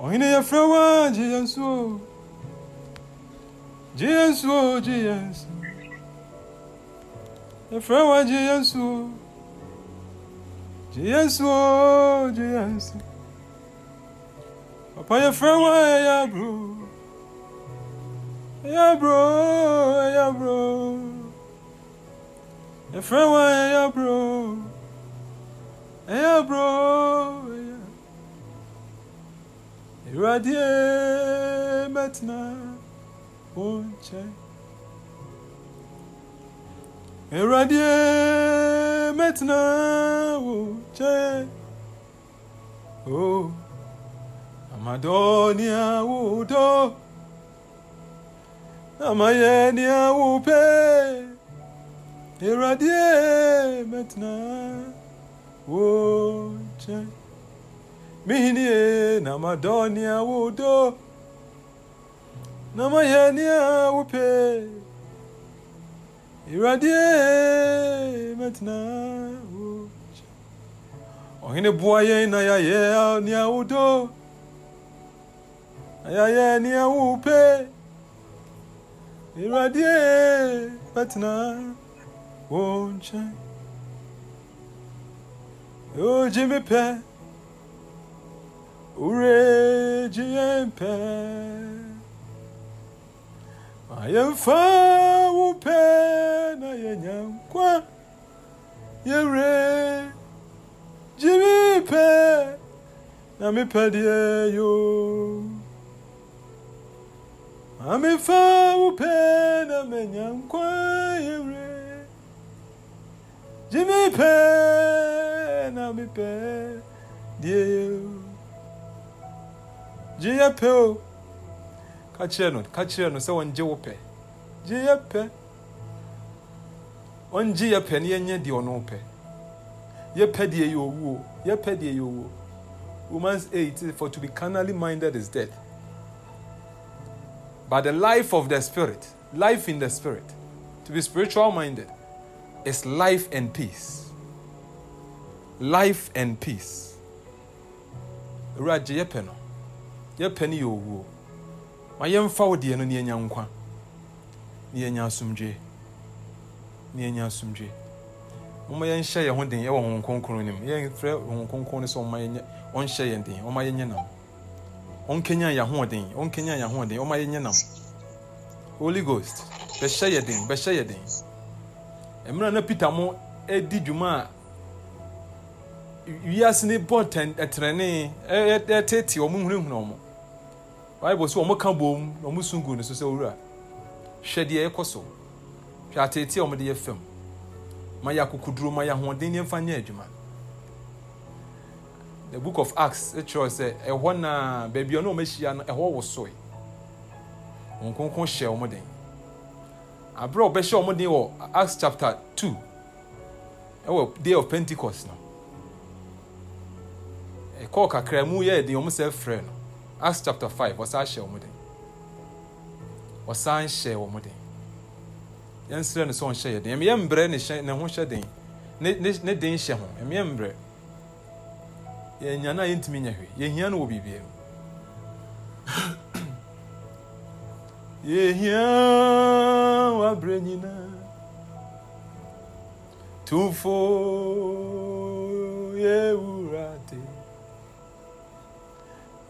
Oine ya flowa jiansu. Jiansu jiansu. Ya flowa jiansu. Jiansu jiansu. Papa ya flowa ya bro. Ya bro, ya bro. Ya flowa ya bro. Ya bro. Irradier metna mon tien. metna maintenant mon tien. Oh, Wudo. Amayenia Wupe. Irradier maintenant mon tien mihini na madonia wudo na mayania wupe iradie metna wo ɔhene boa yɛn na yɛayɛ nea ni na yɛayɛ nea ni awurade bɛtena wo nkyɛn ogye me pɛ uregiempe ayemfa wupe na yenyankwa yere jimipe na mipedie yo amefa wupe na menyankwa yere jimipe na mipedie yo gye yɛ kachiano, kachiano ka kyerɛ no ka kyerɛ no sɛ ɔngye wo pɛ gye yɛ pɛ ɔngye yɛ romans 8 for to be carnally minded is death but the life of the spirit life in the spirit to be spiritual minded is life and peace life and peace awurade yɛpɛ ne yɛ owuo ma yɛmfa wo deɛ no ne yɛnya nkwa ne yɛnya asomdwe ne yɛnya asomdwe ɔma yɛnhyɛ yɛn ho den yɛwɔ honhom kronkron no mu yɛmfrɛ honhom kronkron no sɛ ɔma yɛnyɛ ɔnhyɛ yɛn den ɔma yɛnyɛ nam ɔnkenya yɛ ɔnkenya yɛ ɔma yɛnyɛ nam holy ghost bɛhyɛ yɛ den bɛhyɛ yɛ den mmerɛ na peter mo di dwuma a wiase ne bɔ ɛtrɛne ɛtete ɔmo hunahuna ɔmo bible sɛ ɔmo ka bom na ɔmo ne so sɛ hwɛ deɛ ɛkɔ so hwɛ ateete de yɛ fam ma yɛ akokoduro ma yɛ ahoɔden ne nyɛ the book of acts sɛ ɛhɔ na baabi a ɔno ɔmo ahyia no ɛhɔ wɔn konko hyɛ den a ɔbɛhyɛ den wɔ acts chapter eh, day of pentikost no ɛkɔɔ eh, kakra mu yɛ den sɛ Acts chapter 5, wɔsan hyɛ wɔn den. Wɔsan hyɛ wɔn den. Yɛn srɛ no sɛ ɔnhyɛ yɛ den. Yɛn mbrɛ ne hyɛ ne ho hyɛ den. Ne ne ne den hyɛ ho. Yɛn mbrɛ. Yɛn nya no a yɛntumi nya hwee. Yɛn hia no wɔ biribiara mu. yɛhia wabrɛ nyinaa tumfo yɛwu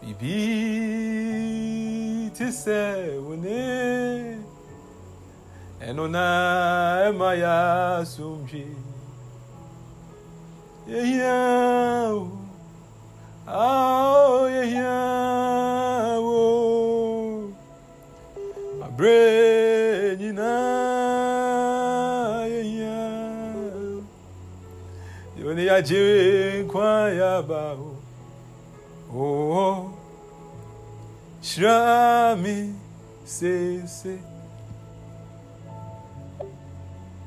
ibi ti sɛ wone ɛno na ɛma yɛ asomdwe yɛhia wo ao yɛhia wo aberɛ nyinaa yɛhia yɛone yɛagyere nkwa yɛaba wo oh. oh try me, say, say.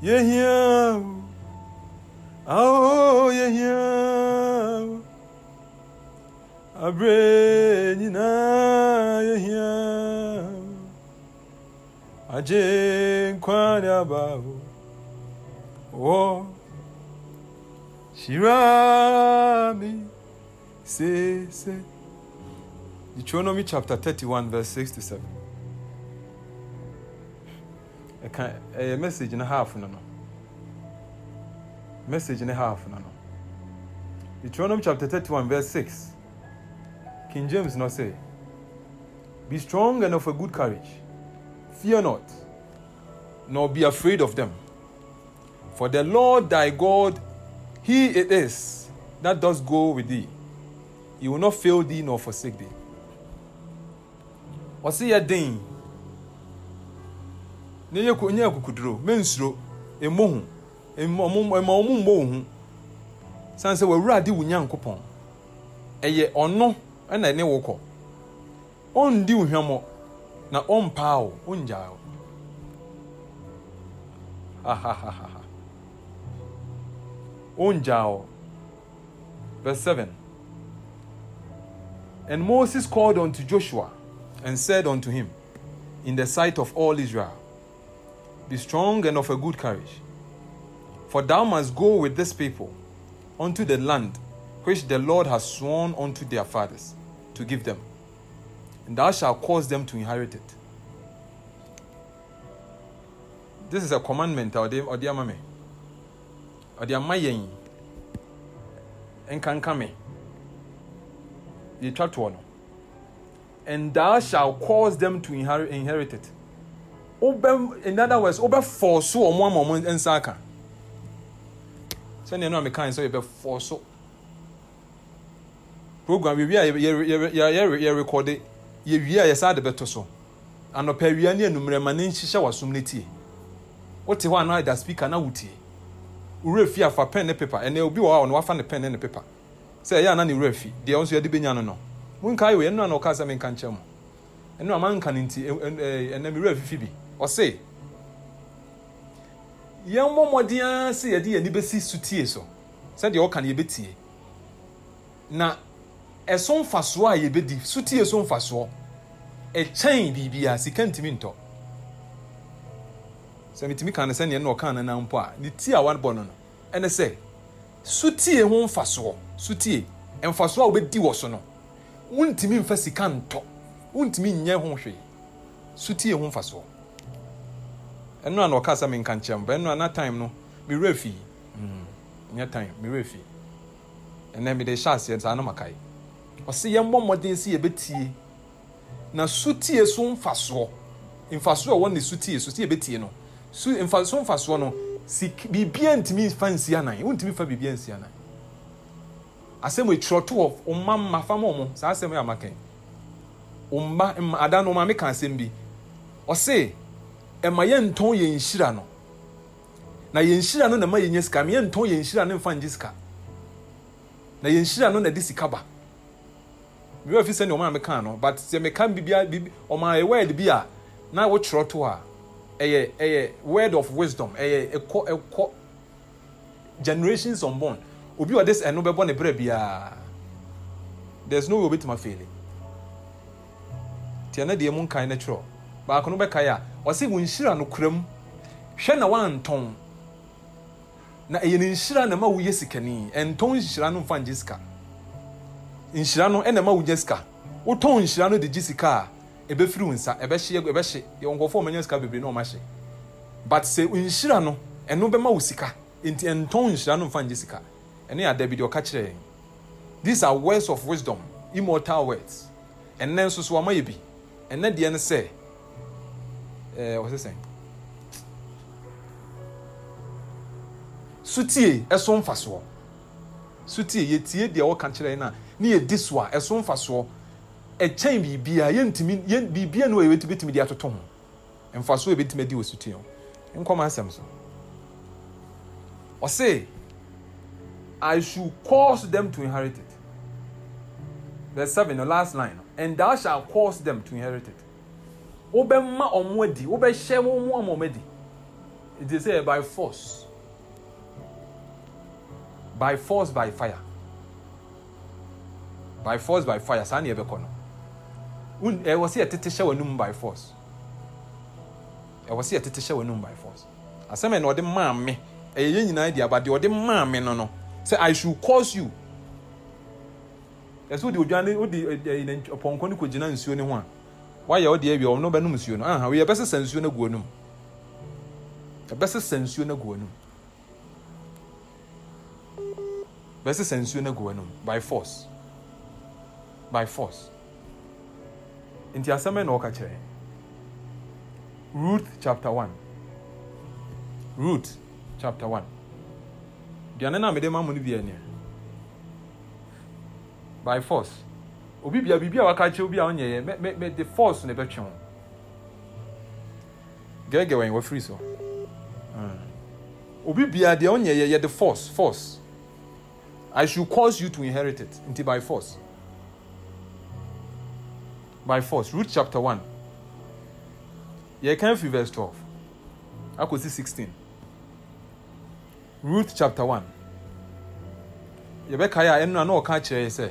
Yeah, yeah. Oh, yeah, yeah. Abre, nina, yeah, yeah. Aje, kwani abahu. Oh, shirami, say, say. Deuteronomy chapter 31, verse sixty-seven. to 7. A message and a half, no, no. Message and a half, no, no. Deuteronomy chapter 31, verse 6. King James now say, Be strong and of a good courage. Fear not, nor be afraid of them. For the Lord thy God, he it is that does go with thee. He will not fail thee nor forsake thee. ɔse yɛ den ne yɛ ko nyɛ kukuduro mensuro emo ho emo emo ɔmo mbɔ wo ho san sɛ wawura de wo nyankopɔn ɛyɛ ɔno ɛna ɛne wo kɔ ɔndi wo hwɛmɔ ha ha. wo ɔngyaa wo hahahaha ɔngyaa wo verse seven and moses called unto joshua. and said unto him, In the sight of all Israel, Be strong and of a good courage, for thou must go with this people unto the land which the Lord has sworn unto their fathers to give them, and thou shalt cause them to inherit it. This is a commandment, ɔde ama me. Ɔde ama yɛn and thou shalt cause them to inherit, inherit it. Obem, in other words, obɛ force wɔn ama wɔn nsa aka. Sɛnea ɛnua mi kan sɛ yɛbɛ force. Program yɛ wia yɛ yɛ yɛ yɛ rekɔde yɛ wia yɛ saa de bɛto so. Anɔpɛ wia ne enumere ma ne nhyehyɛ wasom ne tie. Wote hɔ anaa da speaker na wotie. Wura fi afa pen ne paper ɛnna obi wɔ hɔ a ɔno wafa ne pen ne ne paper. Sɛ ɛyɛ ana ne wura fi deɛ ɔnso yɛde benya no no munkae wei ɛno a na ɔkaa sɛ menka nkyɛ mo ɛno a manka no nti ɛnam e, e, e, werɛ afifi bi ɔse yɛmmɔ mmɔden ara sɛ yɛde yɛni bɛsi sutie so sɛdeɛ ɔka no yɛbɛtie na ɛso mfasoɔ a yɛbɛdi sutie so mfasoɔ ɛkyɛn biribiaa sika ntumi ntɔ sɛ metumi ka no sɛneɛ na ɔka no nam mpo a ne ti a wabɔ no no ɛne sɛ sutie ho mfasoɔ sutie mfasoɔ a wobɛdi wɔ so no wontumi mfa sika ntɔ wontumi nyɛ ho hwee so tie ho mfasoɔ ɛno a na ɔka sɛ menka nkyɛn mo ɛno a na time no mewerɛ fii hmm, nyɛ time mewerɛ fii ɛnɛ mede hyɛ aseɛ saa na makae ɔse yɛmmɔ mmɔden sɛ yɛbɛtie na sotie so mfasoɔ mfasoɔ a wɔne sotie so sɛ yɛbɛtie no so mfasoɔ mfasoɔ no biribia ntumi fa nsi anan wontumi fa biribia nsi anan asɛm ekyerɛ to hɔ ɔma mma fam ɔmo saa asɛm yɛ amaka yi ɔmma mma ada no maame ka asɛm bi ɔse ɛma e yɛn ntɔn yɛn nhyira no na yɛn nhyira no na ma yɛn nyɛ sika yɛn ntɔn yɛn nhyira no mfa ngye sika na yɛn nhyira no na de sika ba mi wɔ fi sɛ nea ɔmo ameka no but sɛ meka bibia bibi ɔmo ayɛ word bi a na wɔtwerɛ to a ɛyɛ e ɛyɛ e word of wisdom ɛyɛ ɛkɔ ɛkɔ generations unborn obi ɔde ɛno bɛbɔ ne brɛ biara there's no way obetuma feere tia ne deɛ mu nkan ne twerɛ baako no bɛkae a ɔsi wɔn nhyira no kura mu hwɛ na wantɔn na ɛyɛ ne nhyira na ma woyɛ sikani ɛntɔn nhyira no mfa ngye sika nhyira no ɛna ma wogye sika wotɔn nhyira no de gye sika a ɛbɛfiri wo nsa ɛbɛhye ɛbɛhye yɛn nkɔfoɔ ɔmanya sika bebree na ɔma hye but sɛ nhyira no ɛno bɛma wo sika nti ɛntɔn nhyira no mfa ngye sika ɛne adabi deɛ ɔka kyerɛ these are words of wisdom immortal words ɛnɛ nso so ama yɛ bi ɛnɛ deɛ no sɛ ɛɛ wɔsɛ sɛn sutie ɛso mfasoɔ sutie yɛtie deɛ ɔka kyerɛ no a ne yɛdi so a ɛso mfasoɔ ɛkyɛn biribiara yɛntumi yɛn biribiara no a yɛbɛtumi de atoto ho mfasoɔ yɛbɛtumi adi wɔ sutie ho nkɔm asɛm so ɔsɛ. I should cause them to inherit it. Verse 7, the last line. And thou shalt cause them to inherit it. Obema omwedi, obeshem omwedi. It is say by force. By force, by fire. By force, by fire. Sani ebekono. ɛwɔ e sɛ yɛtete hyɛ w'anum by force ɛwɔ e sɛ yɛtete hyɛ w'anum by force asɛm ɛna ɔde maa me ɛyɛ e yɛn nyinaa di aba deɛ ɔde maa me no no sɛ i should cause you ɛsɛ wode odwane wode ɔpɔnkɔ no kɔgyina nsuo no ho a woayɛ wode awie ɔno bɛnom nsuo no aha woyɛ bɛsesa nsuo no aguo nom ɛbɛsesa nsuo no aguo nom bɛsesa nsuo no aguo nom by force by force nti asɛm na ɔka kyerɛ Ruth chapter 1 Ruth chapter 1 aduane mede by force obi bia biribi a waka kyerɛ obi a ɔnyɛyɛ mede force na ɛbɛtwe ho gɛgɛ wɛn wafiri so hmm. obi bia deɛ ɔnyɛyɛ yɛde force force i should cause you to inherit it nti by force by force root chapter 1 yɛka fi verse 12 akɔsi 16 root chapter 1 yɛbɛkae a ɛno na na ɔka kyerɛ yɛ sɛ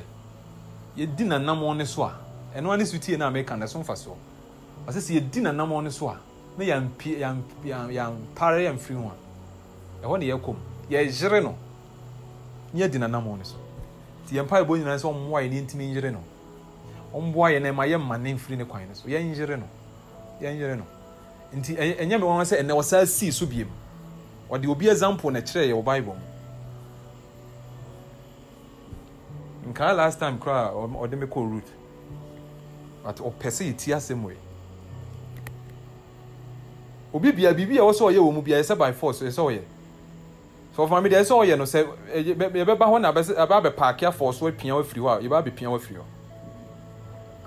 yɛdi nanamɔ ne so a ɛno ane so tie no a meka no ɛso mfa soɔ ɔsɛ sɛ yɛdi nanamɔ ne so a na yɛmpare yɛmfiri ho a ɛhɔ ne yɛkɔm yɛyere no ne yɛdi nanamɔ ne so nti yɛmpa yɛbɔ nyinaa sɛ ɔmmoa yɛ ne yɛntimi nyere no ɔmboa yɛ na ɛma yɛmma ne mfiri ne kwan ne so yɛnyere no yɛnyere no nti ɛnyɛ me wɔn sɛ ɛnɛ ɔsaa sii so biem ɔde obi example na ɛkyerɛ yɛ wɔ bible mu nkaa last time koraa ɔde me kɔ root but ɔpɛ sɛ yɛti asɛm wei obi bia biribi a ɛwɔ sɛ ɔyɛ wɔ mu bia ɛsɛ by force ɛsɛ ɔyɛ so ɔfam deɛ ɛsɛ ɔyɛ no sɛ yɛbɛba hɔ na yɛba abɛpaake afɔ so apia afiri hɔ a yɛba abɛpia afiri hɔ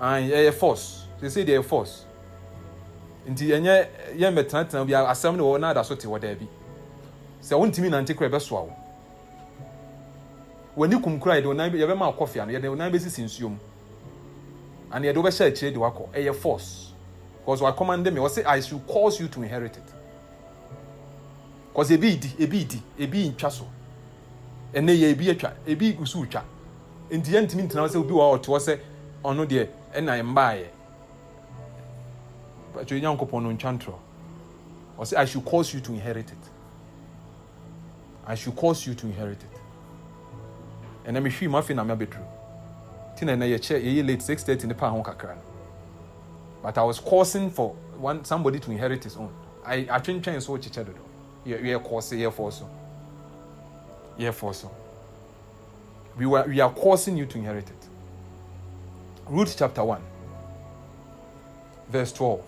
an ɛyɛ force sɛsɛ deɛ ɛyɛ force nti ɛnyɛ yɛn mɛtenatena bi asɛm ne wɔ na ada so te hɔ daabi sɛ wontumi nante kora ɛbɛsoa wo w'ani kum kura yɛde onan yɛbɛ ma akɔfia no yɛde onan bɛsisi nsuo mu ani yɛde wobɛhyɛ akyire de wakɔ ɛyɛ force because wa command me wɔsɛ i should cause you to inherit it because ebi di ebi di ebi ntwa so ɛnɛ yɛ ebi atwa ebi nso twa nti yɛn ntumi ntena sɛ obi wɔ ɔte hɔ sɛ ɔno deɛ ɛna mbaa yɛ pàtó yɛn nyankopɔn no ntwa ntorɔ wɔsɛ i should cause you to inherit it i should cause you to inherit it ɛnna mi hwii mu afei na mi abɛduru ti na ɛnna yɛkyɛ yɛyɛ late six thirty ne paa ho kakra no but i was causing for one somebody to inherit his own i atwentwɛn so kyekyɛ dodo yɛ yɛ kɔɔse yɛ fɔ so yɛ fɔ so we were we are causing you to inherit it Ruth chapter one verse twelve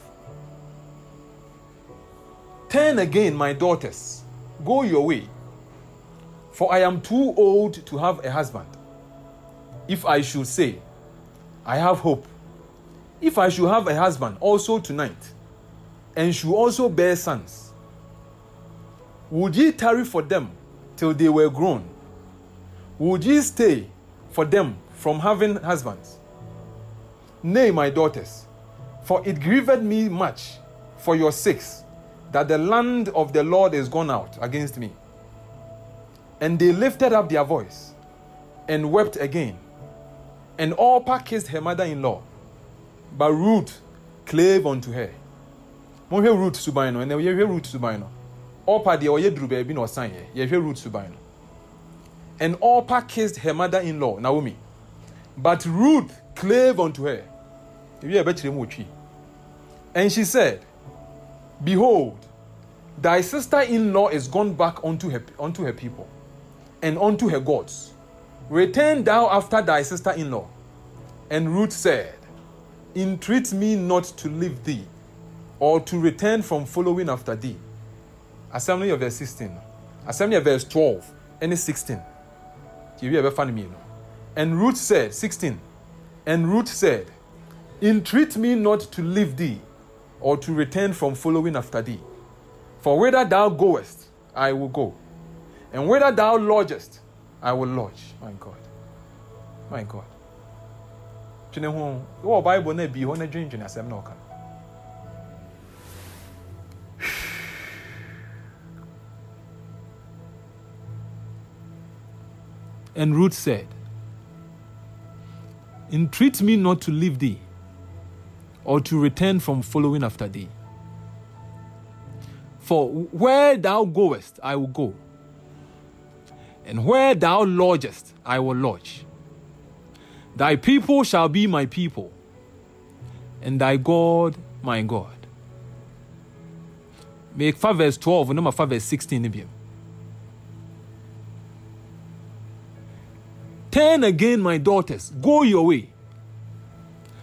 turn again my daughters go your way for I am too old to have a husband. If I should say, I have hope, if I should have a husband also tonight, and should also bear sons, would ye tarry for them till they were grown? Would ye stay for them from having husbands? Nay, my daughters, for it grieved me much for your sakes that the land of the Lord is gone out against me. And they lifted up their voice and wept again. And Orpah kissed her mother in law, but Ruth clave unto her. Mohwɛ Ruth suban no, ɛnna yɛhwɛ Ruth suban no. Orpah deɛ ɔyɛ duru baabi na ɔsan yɛ, yɛhwɛ Ruth suban And Orpah kissed her mother in law, Naomi, but Ruth clave unto her. Ebi ɛbɛkyerɛ mu otwi. And she said, Behold, thy sister in law is gone back unto her, unto her people and unto her gods. Return thou after thy sister in law. And Ruth said, Entreat me not to leave thee, or to return from following after thee. Assembly of verse 16. Assembly of verse 12 and 16. You ever find me? And Ruth said, 16. And Ruth said, Entreat me not to leave thee, or to return from following after thee. For whither thou goest, I will go, and whether thou lodgest, I will lodge. My God. My God. Bible And Ruth said, Entreat me not to leave thee or to return from following after thee. For where thou goest, I will go, and where thou lodgest, I will lodge. Thy people shall be my people, and thy God my God. Make 5 verse 12, number 5 verse 16. Turn again, my daughters, go your way,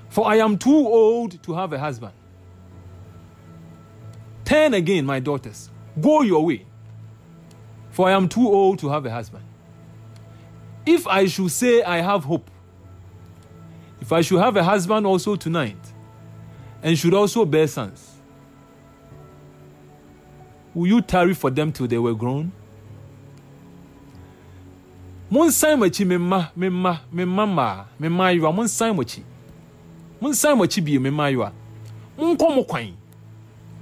for I am too old to have a husband. Turn again, my daughters, go your way for I am too old to have a husband. If I should say I have hope, if I should have a husband also tonight, and should also bear sons, will you tarry for them till they were grown? monsan mo mema mema mema me mma me mma mmaa me mma ayewa monsan mo akyi monsan mo akyi bie me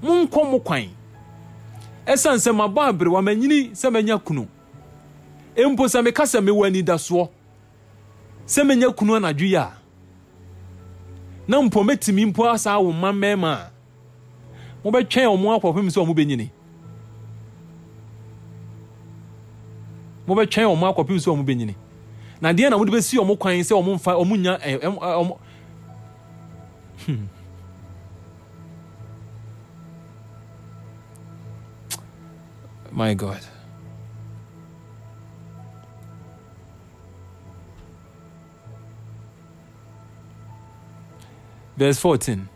mma ɛsiane sɛ mabɔ aberewa manyini sɛ manya kunu mpo sɛ meka sɛ mewɔ anidasoɔ sɛ manya kunu anadwo yi a na mpo mɛtumi mpo asaa wo mma mmarima a mobɛtwɛn ɔmo akɔpem sɛ ɔmo bɛnyini mobɛtwɛn ɔmo akɔpem sɛ ɔmo bɛnyini na deɛ na mode bɛsi ɔmo kwan sɛ ɔmo mfa ɔmo nya ɛ ɛ ɔmo hmm. my god. Verse 14.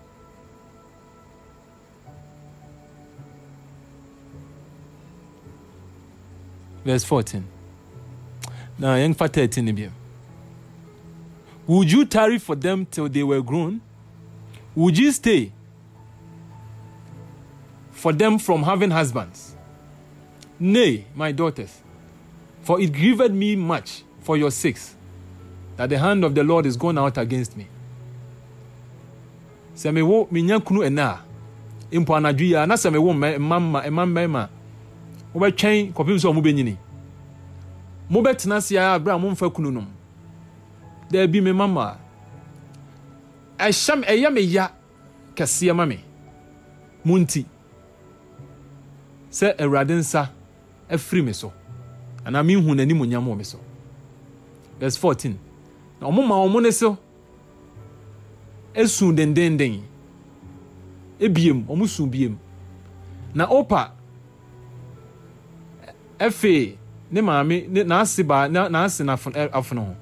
Verse 14. Now, young for 13. Would you tarry for them till they were grown? Would you stay for them from having husbands? Nay, my daughters, for it grieved me much for your sakes that the hand of the Lord is gone out against me. Sɛ mewo menya kunu ɛnɛ a, mpo anadwo yi a, na sɛ mewo mma mma mma mmarima a, wobɛtwɛn kɔpem sɛ ɔmo bɛnyini. Mobɛtena ase a abere a momfa kunu nom. Daabi me mama a, ɛhyɛ me ɛyɛ me ya kɛseɛ ma me. Mo nti, sɛ Awurade nsa afiri me so anaa mehu n'animonyam wɔ me so verse 14 na ɔmo ma ɔmo ne so esu dendenden ebiem ɔmo su biem na opa e, efe ne maame ne n'ase baa na n'ase n'afono e, ho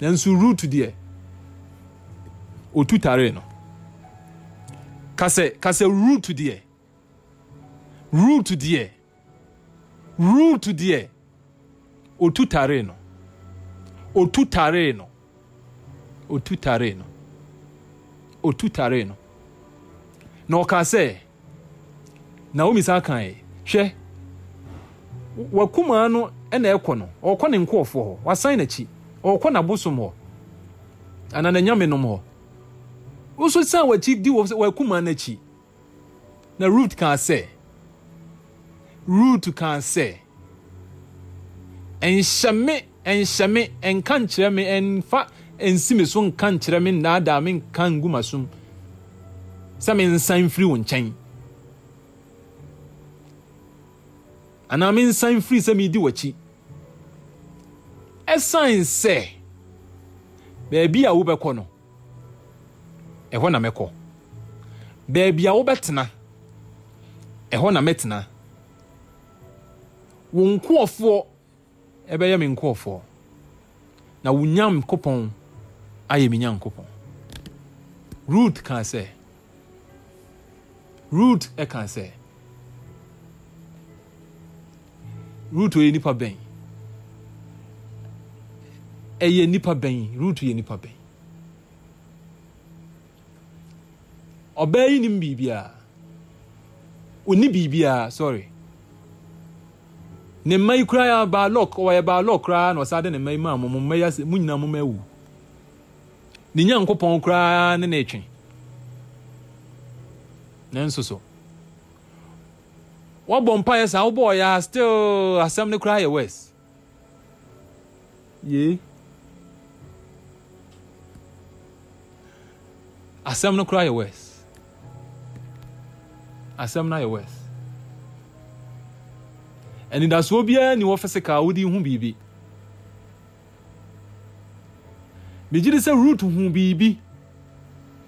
na nso root deɛ otu tare no kase kasɛ root deɛ root deɛ. root deɛ otu taree no otu taree no otu taree no otu taree no na ɔkaa sɛ naomi saa kae hwɛ wakumaa no ɛna ɛkɔ no ɔkɔ ne nkoɔfoɔ hɔ wasan n'akyi ɔkɔ n'abosom hɔ anaa n'anyame nom hɔ nso w'akyi di wakumaa n'akyi na root kaa sɛ root kan sɛ nhyɛme nhyɛme nka nkyerɛ me nfa nsi me so nka nkyerɛ me nnaadaa me nka ngu ma som sɛ me nsan firi wo nkyɛn anaa me nsan firi sɛ meedi w'akyi ɛsiane sɛ baabi a wobɛkɔ no ɛhɔ na mɛkɔ baabi a wobɛtena ɛhɔ na mɛtena wo nkoɔfoɔ ɛbɛyɛ me nkoɔfoɔ na wo nyankopɔn ayɛ me nyankopɔn root kaa sɛ root ɛkaa sɛ root ɔyɛ nipa bɛn ɛyɛ nipa bɛn root yɛ nipa bɛn ɔbaa yi nim biribiara ɔni biribiara sorry ne mma yi koraa yɛ baalɔk ɔyɛ baalɔk koraa na ɔsan de ne mma yi maa mo mo mma yi ase mo nyinaa mo mma ewu ne nyankopɔn koraa ne ne etwe ne nso so wɔbɔ mpa yɛ saa wɔbɔ ɔyɛ still asɛm ne koraa yɛ wɛs yee asɛm no koraa yɛ wɛs asɛm no ayɛ wɛs. ɛnidasoɔ biara ni wɔfɛ se kaa wodi hu biribi megye di sɛ root hu biribi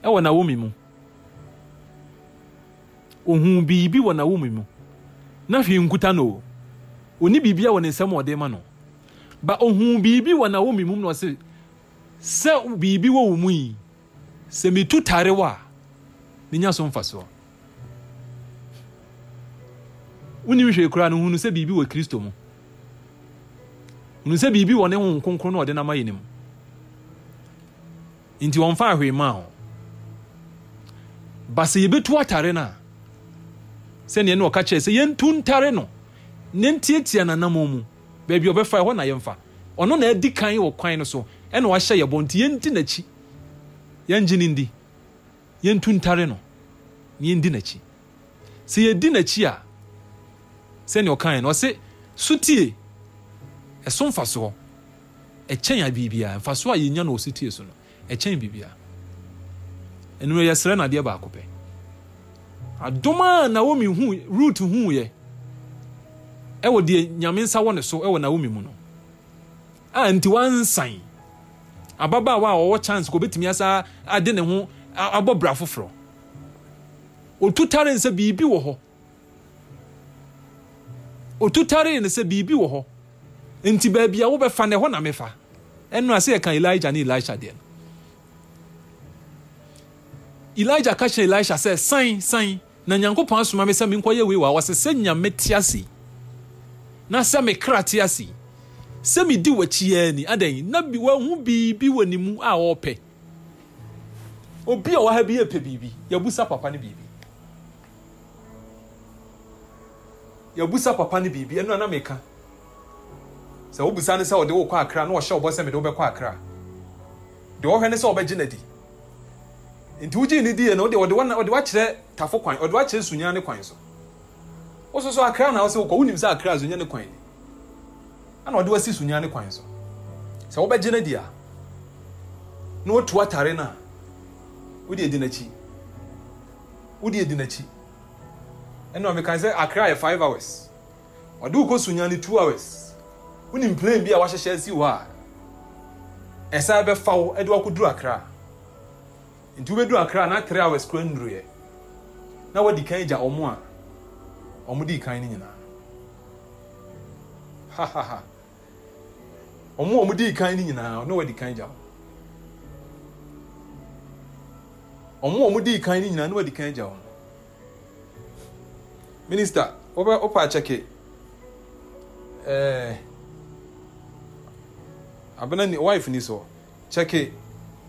ɛwɔ e n'awomi mu ohun biribi wɔ n'awomi mu na hwee nkuta no oni biribi a wɔ ne nsɛm ɔde ma no ba ohun biribi wɔ n'awomi mu na ɔse sɛ biribi wɔ wɔ mu yi sɛ metu tare wɔ a ne nya so mfasoɔ woni hwehwɛ koraa no hunu sɛ biribi wɔ kristo mu hunu sɛ biribi wɔ ne honhom kronkron na ɔde nam ayɛ ne mu nti wɔmfa ahwee maa ho ba sɛ yɛbɛtu atare no a sɛneɛ ne ɔka kyerɛ sɛ yɛntu ntare no ne ntiatia nanamɔ mu baabi ɔbɛfa hɔ na yɛmfa ɔno na adi kan wɔ kwan no so ɛna wahyɛ yɛbɔ nti yɛnti n'akyi yɛngye no ndi yɛntu ntare no na yɛndi n'akyi sɛ yɛdi n'akyi a sɛnea ɔkaɛ no ɔse so tie ɛso mfasoɔ ɛkyɛn a biribiaa mfasoɔ a yɛnya no ɔso tie so no ɛkyɛn biribiaa ɛnumere yɛsrɛ no adeɛ baako pɛ adom a naomi hu root huuɛ ɛwɔ deɛ nyame nsa wɔ ne so ɛwɔ naomi mu no a nti wansan ababaawa a ɔwɔ chance kɔ obɛtumi asa ade ne ho abɔ bra foforɔ ɔtu tare sɛ biribi wɔ hɔ otutaree ne sɛ biribi wɔ hɔ nti baabi a wobɛfa no ɛhɔ na mefa ɛno a sɛ yɛka elija ne elisha deɛ no elija ka kyerɛ elisha sɛ san san na nyankopɔn asoma me sɛ menkɔyɛ wei wɔ a wɔsɛ sɛ nya mete ase na sɛ mekra te ase sɛ medi w'akyiaa ni adɛn na wahu biribi wɔ ne mu a wɔrepɛ obi a wɔ ha bi yɛpɛ biribi yɛabusa papa no biribi yɛbusa papa no biribi ɛno ana meka sɛ wobusa no sɛ ɔde wokɔ akra na ɔhyɛ wobɔ sɛ mede wobɛkɔ akra deɛ wɔhwɛ ne sɛ ɔbɛgye no adi nti wogye ne diɛ no wode ɔde wakyerɛ tafo kwan ɔde wakyerɛ sunya ne kwan so wo so so akra na wo sɛ wokɔ wonim sɛ akra sunya ne kwan ni ana ɔde wasi sunya ne kwan so sɛ wobɛgye no adi a na wotu atare no a wode adi n'akyi wode adi n'akyi ɛna ɔmi kan sɛ akra yɛ five hours ɔde wokɔ sunya ne two hours wonim plane bi a wahyehyɛ si hɔ a ɛsan bɛfa wo ɛde wakɔduru akra nti wobɛduru akra na three hours kora nnuruɛ na wɔdi kan gya ɔmo a ɔmo di kan no nyinaa ha ha ha ɔmo a ɔmo di kan no nyinaa na wɔdi kan gya wo ɔmo a ɔmo di kan no nyinaa na wɔdi kan gya wo minista wobɛ wopɛ akyɛke ɛɛ eh, abena ni wife ni so kyɛke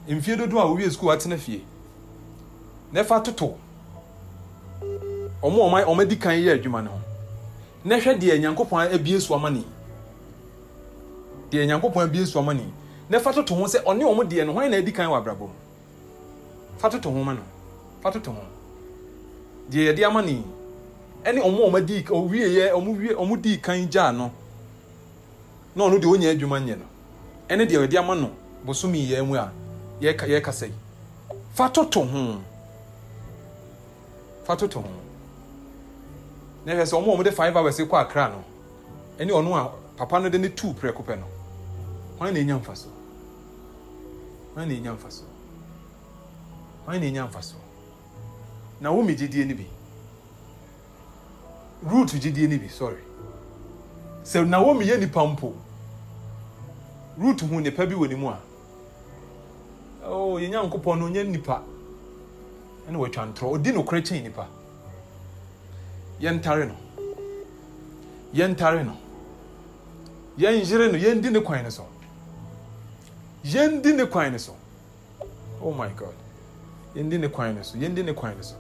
mfie dodoɔ a wowie sukuu atena fie na ɛfa toto ɔmo ɔmo ɔmo di kan yɛ adwuma ne ho na ɛhwɛ deɛ nyankopɔn abie so ama ne deɛ nyankopɔn abie so ama ne na ɛfa toto ho sɛ ɔne ɔmo deɛ no hɔn na adi kan wɔ abrabɔ mu fa toto ho ma no fa toto ho deɛ yɛde ama ne yi ɛne ɔmo ɔmo di owie yɛ ɔmo wie ɔmo di kan gya no na ɔno deɛ onyɛ adwuma nyɛ no ɛne deɛ ɔde ama no bosomi yɛ mu a yɛka yɛkasa yi fa toto ho fa toto ho na ɛhwɛ sɛ ɔmo ɔmo de five hours kɔ akra no ɛne ɔno a papa no de ne tu prɛko pɛ no wɔn na enya nfa so wɔn na enya nfa so wɔn na enya nfa so na wɔn mi gyidie ni bi root gyidie no bi sorry sɛ naomi yɛ nipa mpo root hu nipa bi wɔ ne mu a oh yɛn nyankopɔn no onyɛ nipa ɛna wɔatwa ntorɔ odi nokorɛ kyɛn nipa yɛntare no yɛntare no yɛnyere no yɛndi ne kwan no so yɛndi ne kwan no so oh my god yɛndi ne kwan no so yɛndi ne kwan no so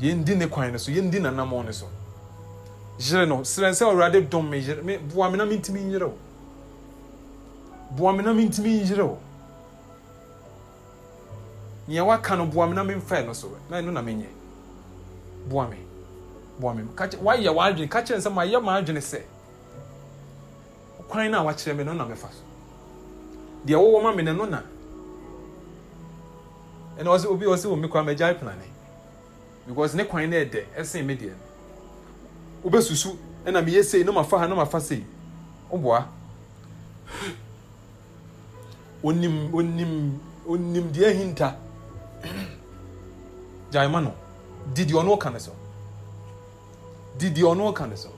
yɛndi ne kwan no so yɛndi nanamɔ no so yere no serɛ sɛ awurade dɔm me yere me boa me na mentumi nyere wo boa me na mentumi nyere wo nea waka no boa me na memfae no so na ɛno na menyɛ boa me boa me wayɛ w'adwene ka kyerɛ sɛ mayɛ m'adwene sɛ kwan no a wakyerɛ me no na mɛfa so deɛ wowɔ ma me no na ɛna obi wɔ sɛ wɔ me kwa magyae plane because ne kwan no ɛdɛ ɛsen me deɛ no wobɛsusu ɛna meyɛ sei na mafa ha na mafa sei woboa onim onim onim deɛ ahinta gyae ma no di deɛ ɔno ɔka ne so didi deɛ ɔno ɔka ne so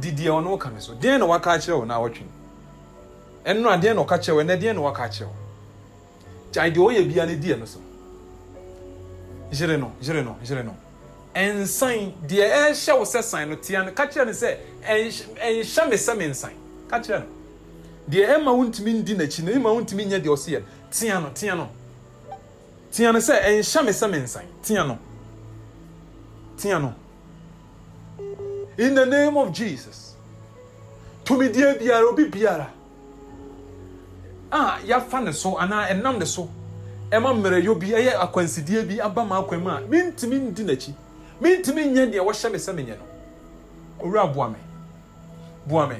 di deɛ ɔno ɔka ne so deɛ na waka akyerɛ wo na awɔtwe ɛno adeɛ na ɔka kyerɛ wo ɛnɛ deɛ na waka akyerɛ wo gyae deɛ ɔyɛ bia ne deɛ no so yere no yere no yere no nsan deɛ ɛrehyɛ wo sɛ san no tia no ka kyerɛ no sɛ ɛnhyɛ me sɛ me nsan ka kyerɛ no deɛ ɛma wontumi ndi n'akyi na ɛma wontumi nyɛ deɛ ɔseyɛ no tia no tia no tia no sɛ ɛnhyɛ me sɛ me nsan tia no tia no in the name of jesus tumideɛ biara obi biara a yɛafa ne so anaa ɛnam ne so ɛma mmerɛ yɛ bi ɛyɛ akwansideɛ bi aba ma akwan mu a mentumi ndi n'akyi mentumi nyɛ deɛ wɔhyɛ me sɛ menyɛ no owura boa me boa me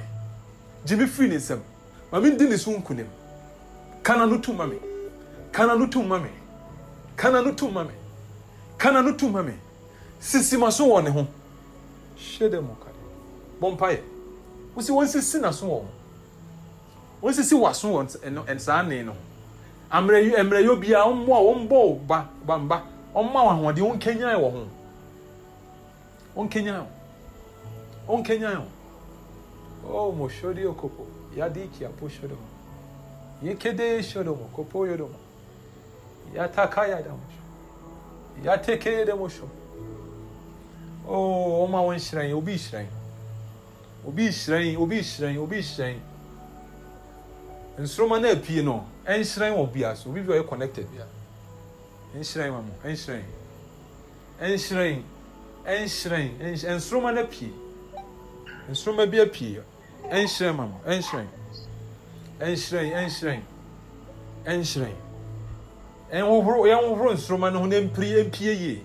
gye me firi ne nsam ma mendi ne so nkonim kana no tu ma me kana no tu ma me kana no tu ma me kana no tu ma me sisi ma so wɔ ne ho hyɛ dɛ mu kare bɔ mpaeɛ wo sɛ wɔn sisi na so wɔ ho wɔn sisi w'aso wɔ saa ne no ammerɛ yi ammerɛ yi obiara wɔn mmoa wɔn bɔ ba bamba wɔn mma wɔn ahoɔden wɔn kɛnyan wɔ ho. On Kenya, on Kenya, oh, mo shodi okopo yadiki apo yekede shodomo kopo yodomo yatakaya damo yateke damo shomo Oh, Oma wɔn hyerɛn obi hyerɛn obi hyerɛn obi hyerɛn obi hyerɛn nsoroma no apue no ɛnhyerɛn wɔ bia so obi bi ɔyɛ connected bia ɛnhyerɛn ma mo ɛnhyerɛn ɛnhyerɛn nsoroma no apue nsoroma bi apue ɛnhyerɛn ma mo ɛnhyerɛn ɛnhyerɛn ɛnhyerɛn ɛnhyerɛn ɛnhohoro yɛnhohoro nsoroma no ho na mpiri mpie yie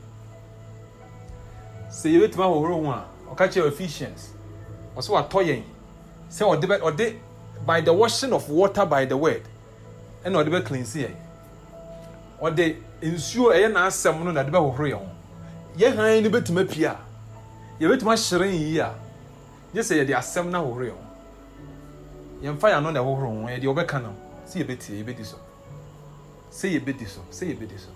sɛ yɛbɛtumi ahohoro ho a ɔka kyerɛ ephesians ɔsɛ watɔ yɛn sɛ ɔde bɛ ɔde by the washing of water by the word ɛna ɔde bɛ cleanse yɛn ɔde nsuo ɛyɛ n'asɛm no na ɔde bɛ hohoro yɛn ho yɛ hann no bɛtumi apie a yɛbɛtumi ahyerɛn yie a gye sɛ yɛde asɛm no ahohore ho yɛmfa yɛ ano na ɛhohoro ho yɛde wɔbɛka no sɛ yɛbɛtie yɛbɛdi so sɛ yɛbɛdi so sɛ yɛbɛdi so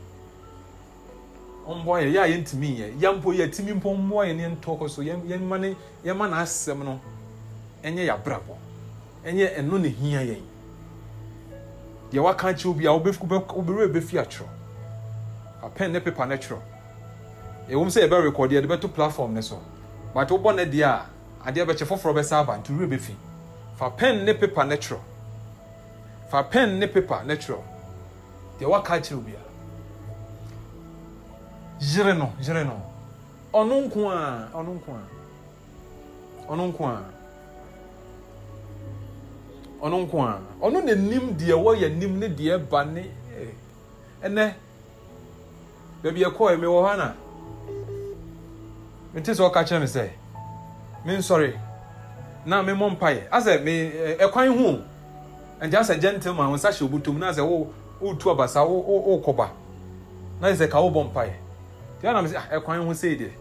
ɔmboa yɛ yɛ a yɛntumi yɛ yɛ mpo yɛtumi mpo mboa yɛ ne ntɔkɔ so yɛma ne yɛma n'asɛm no ɛnyɛ yɛabrabɔ ɛnyɛ ɛno ne hia yɛn deɛ waka kyerɛ obi a wobɛwura bɛfi atwerɛ apɛn ne pepa ne twerɛ ɛwom sɛ yɛbɛ record yɛde bɛto platform ne so but wobɔ ne deɛ a adeɛ bɛkyɛ foforɔ bɛsa aba nti wura bɛfi fa pen ne paper natural fa pen ne paper natural deɛ waka kyerɛ obiara yere no yere no ɔno nko a ɔno nko a ɔno nko a ɔno nko a ɔno na nim deɛ wɔyɛ nim ne deɛ ba ne ɛnɛ baabi ɛkɔɔ ɛmɛ wɔ hɔ na nti sɛ ɔka kyerɛ me sɛ me nsɔre na me mmɔ mpaeɛ asɛ me eh, ɛkwan ho nti asɛ gentleman wo nsa hyɛ obutom na asɛ wo wotu aba saa wokɔ ba na sɛ ka wobɔ mpaeɛ nti ana me sɛ ah, ɛkwan ho sei deɛ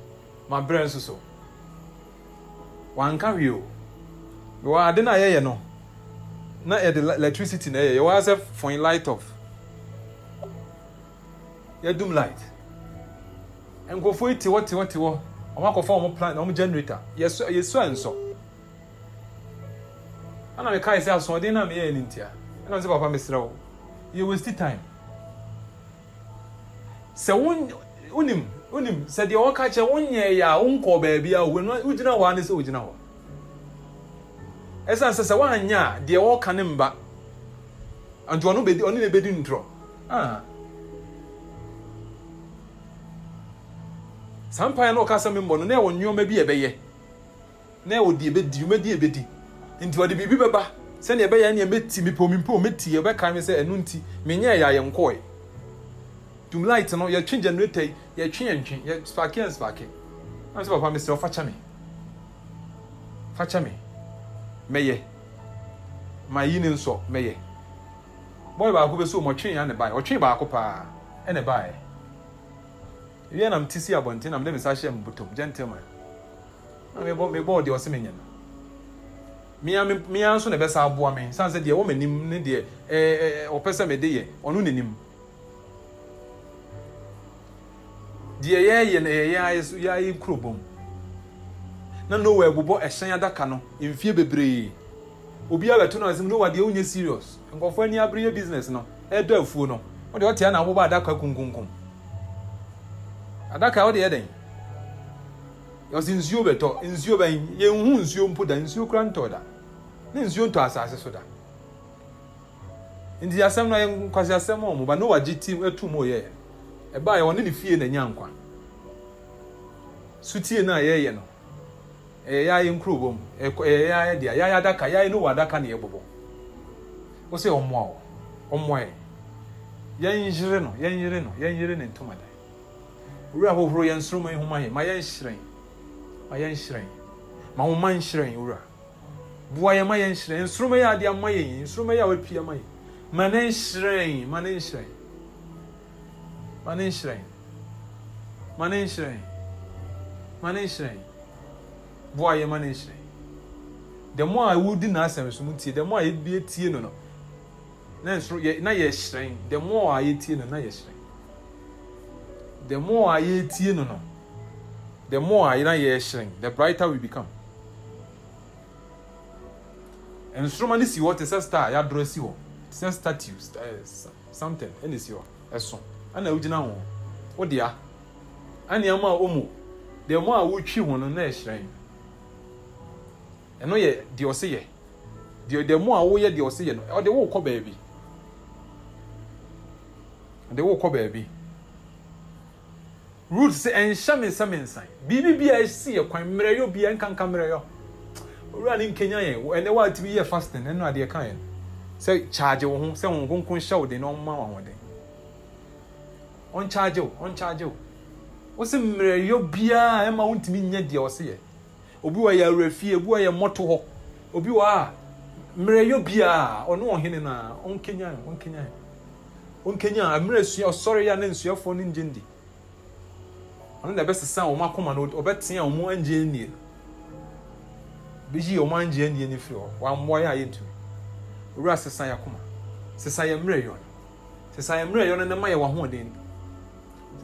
ma brɛ nso so wanka hwee o mewɔ ade no a yɛyɛ no na yɛde electricity na ɛyɛ yɛwɔ sɛ fɔn light off yɛdum light nkurɔfoɔ yi te hɔ te hɔ te hɔ ɔmo akɔfa ɔmo plant ɔmo generator yɛsɔ yɛsɔ nsɔ ɛna mi kaa yi sɛ asoɔden na mi yɛ ɛni ntia ɛna mi sɛ papa mi srɛ o yɛ waste time sɛ won wonim wonim sɛ deɛ wɔka kyɛ wonyɛ yɛ a wonkɔ baabi a wogyina hɔ a ne sɛ wogyina hɔ ɛsiane sɛ sɛ woanyɛ a deɛ wɔka ne mba nti ɔno ne bɛdi ntorɔ ah. saa mpaeɛ no ɔkasa mi mbɔ no na ɛwɔ nneɛma bi ɛbɛyɛ na ɛwɔ deɛ ɛbɛdi dwumadi ɛbɛdi nti ɔde biribi bɛba sɛnea ɛbɛyɛ nea mɛti mipɔ mi mpɔ mɛti ɛbɛka mi sɛ ɛnu nti menyɛ ɛyɛ ayɛ nkɔɛ dum light no yɛtwe generator yi yɛtwe yɛntwe yɛ spaki yɛn spaki na sɛ papa mi sɛ ɔfakyɛ mi fakyɛ mi mɛyɛ maa yi ne nsɔ mɛyɛ bɔɔl baako bɛ so ɔmɔtwe yɛn ne ba yɛ wie na mte si abɔnten na mede me sa hyɛ mbotom gentleman na mebɔ mebɔɔ deɛ ɔse menyɛ no mia mia nso na ɛbɛsa aboa me san sɛ deɛ ɛwɔ m'anim ne deɛ ɛɛ ɔpɛ sɛ mede yɛ ɔno n'anim deɛ yɛɛyɛ na yɛyɛ ayɛ so yɛayɛ kuro bom na nowa ɛbobɔ ɛhyɛn adaka no mfie bebree obi abɛto no asɛm nowa deɛ wonyɛ serious nkɔfoɔ ani abere yɛ business no ɛdɔ e afuo no wɔde ɔte a na abobɔ adaka kunkunkun adaka wode yɛ dɛn ɔsi nsuo bɛtɔ nsuo bɛn yɛnhu nsuo mpo da nsuo kura ntɔ da ne nsuo ntɔ asase so da nti asɛm no yɛ nkwasi asɛm a ɔmo ba noa gye ti etu mu yɛ ɛbaa yɛ ɔne ne fie na nya nkwa sutie na yɛyɛ no ɛyɛ e ayɛ nkuro bɔ mu e ɛyɛ e ayɛ deɛ yɛayɛ adaka yɛayɛ noa adaka na yɛbɔbɔ wɔsɛ ɔmo a ɔmo yɛ yɛn yere no yɛn yere no yɛn yere ne ntoma da. wura ahohoro yɛn nsoroma yi homa yɛn ma yɛn hyerɛn ma yɛn hyerɛn ma homa nhyerɛn wura boa yɛn ma yɛn hyerɛn nsoroma yɛ adeɛ ama yɛn nsoroma yɛ a wapia ma yɛn ma ne nhyerɛn ma ne nhyerɛn ma ne nhyerɛn ma ne nhyerɛn ma ne nhyerɛn boa yɛn ma ne nhyerɛn dɛm a wodi n'asɛm so mu tie dɛm a ebi etie no no na nsoro yɛ na yɛ hyerɛn dɛm a yɛtie no na yɛ hyerɛn. the more a yɛtie no no the more a yɛna yɛhyerɛn the brighter we become nsoroma no si hɔ te sɛ star yɛadorɔ si hɔ te sɛ statue something ɛna si hɔ eh, ɛso ɛna wogyina ho oh, wodea aneɛma a ɔmu the more a wotwi ho no na ɛhyerɛn ɛno yɛ deɛ ɔse yɛ deɛ the more a woyɛ deɛ ɔse yɛ no ɔde oh, wokɔ baabi ɔde wokɔ baabi root sɛ ɛnhyɛ me nsa me nsan biribi bi a ɛsi yɛ kwan mmerɛ yɛ obi ɛnkanka mmerɛ yɛ owura ne nkenya yɛn ɛnɛ wa tumi yɛ fasting ɛnu adeɛ ka yɛn sɛ kyaagye wo ho sɛ wɔn nkonko nhyɛ wo den na ɔmma wɔn den ɔnkyaagye wo ɔnkyaagye wo wosi mmerɛ yɛ biara ɛma wo ntumi nyɛ deɛ ɔsi yɛ obi wɔ yɛ awura fie obi wɔ yɛ mɔto hɔ obi wɔ mmerɛ yɛ biara ɔno ɔhene na ɔnkenya yɛn ɔnkenya yɛn ɔnkenya yɛn mmerɛ sua ɔsɔre yɛ a ne nsuafoɔ ne ngye ɔno na ɛbɛsesa wɔn akoma no ɔbɛtea wɔn angye nie bɛyi wɔn angye nie ne firi hɔ wɔammoa yɛ a yɛntumi owura sesa yɛ akoma sesa yɛ mmerɛ yɔn sesa yɛ mmerɛ yɔn no ma yɛ wɔn ahoɔden bi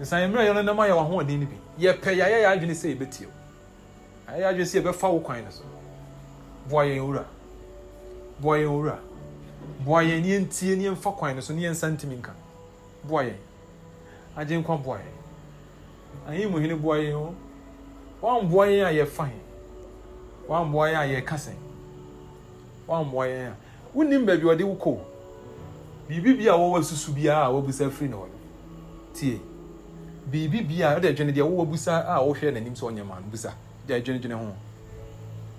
sesa yɛ mmerɛ yɔn no ma yɛ wɔn ahoɔden bi yɛpɛ yɛayɛ yɛ adwene sɛ yɛbɛtie o ayɛ yɛ adwene sɛ yɛbɛfa wo kwan no so boa yɛn owura boa yɛn owura boa yɛn ne yɛntie ne yɛmfa kwan no so ne yɛnsa ntumi nka boa yɛn agye nkwa boa yɛn anyị mụ hene boa yɛn ho wamboa yɛn a fain yɛn wamboa yɛn a yɛka sɛ wamboa yɛn a wonim baabi ɔde wo kɔ biribi bi a wɔwɔ susu bi a wɔbusa firi na ɔno tie biribi bi a ɔde adwene deɛ wɔwɔ busa a wɔhwɛ n'anim sɛ ɔnyɛ maa no busa de adwenedwene ho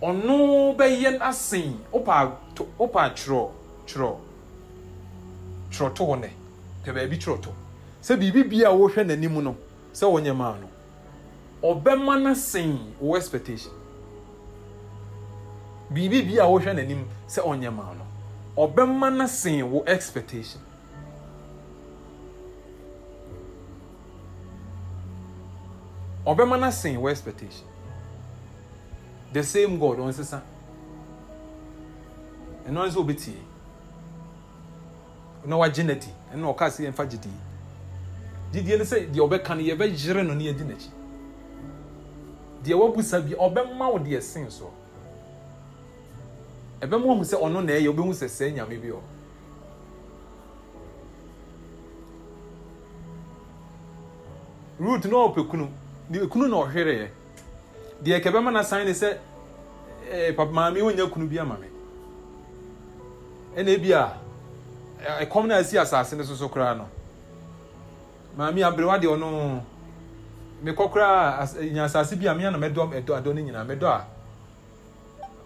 ɔno bɛyɛ asen wopa twerɛ twerɛ twerɛto hɔ nɛ pɛ baabi twerɛto sɛ biribi bi a wɔhwɛ n'anim no sɛ wɔnyɛ maa no ɔbɛma no sen wo expectation biribi bi a wohwɛ n'anim sɛ ɔnyɛ maa no ɔbɛma no sen wo expectation ɔbɛma no sen wo expectation the same god ɔnsesa ɛno nso wobɛtie na wagye no adi ɛna ɔka sɛ yɛmfa didiɛ ne sɛ deɛ ɔbɛka no yɛbɛyere no ne yɛdi n'akyi deɛ wabusa bi ɔbɛma wo deɛ sen so ɛbɛma ohu sɛ ɔno na ɛyɛ wobɛhu sɛ sɛɛ nyame bi ɔ root na ɔpɛ kunu deɛ kunu na ɔhwereɛ deɛ kɛbɛma na san ne sɛ eh, ɛɛ papa maame wonya kunu bi ama me ɛna ebi a ɛkɔm na asi asase ne soso so koraa no maame abiriwa deɛ ɔno mekɔ kora bi a mea na mɛdɔ ɛdɔ adɔ no nyinaa mɛdɔ a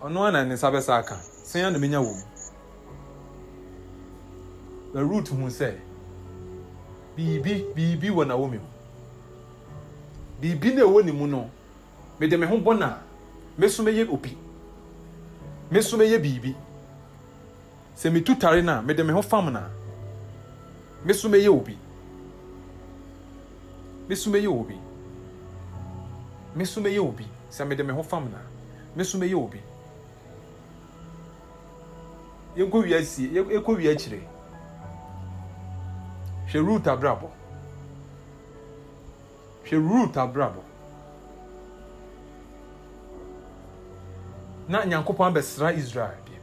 ɔno ana ne nsa bɛsa aka sɛn na menya wɔ mu root hu sɛ biribi biribi wɔ na wɔ biribi na ɛwɔ ne mu no mede me ho bɔ na meso mɛyɛ obi meso mɛyɛ biribi sɛ metu tare no a mede me ho fam no a mɛyɛ obi mesu meyɛ obi mesu meyɛ obi sɛ mede me ho fam na mesu meyɛ obi yɛnkɔ wie asie yɛkɔ wie akyire hwɛ root abrabɔ hwɛ root abrabɔ na nyankopɔn abɛsra israel deɛ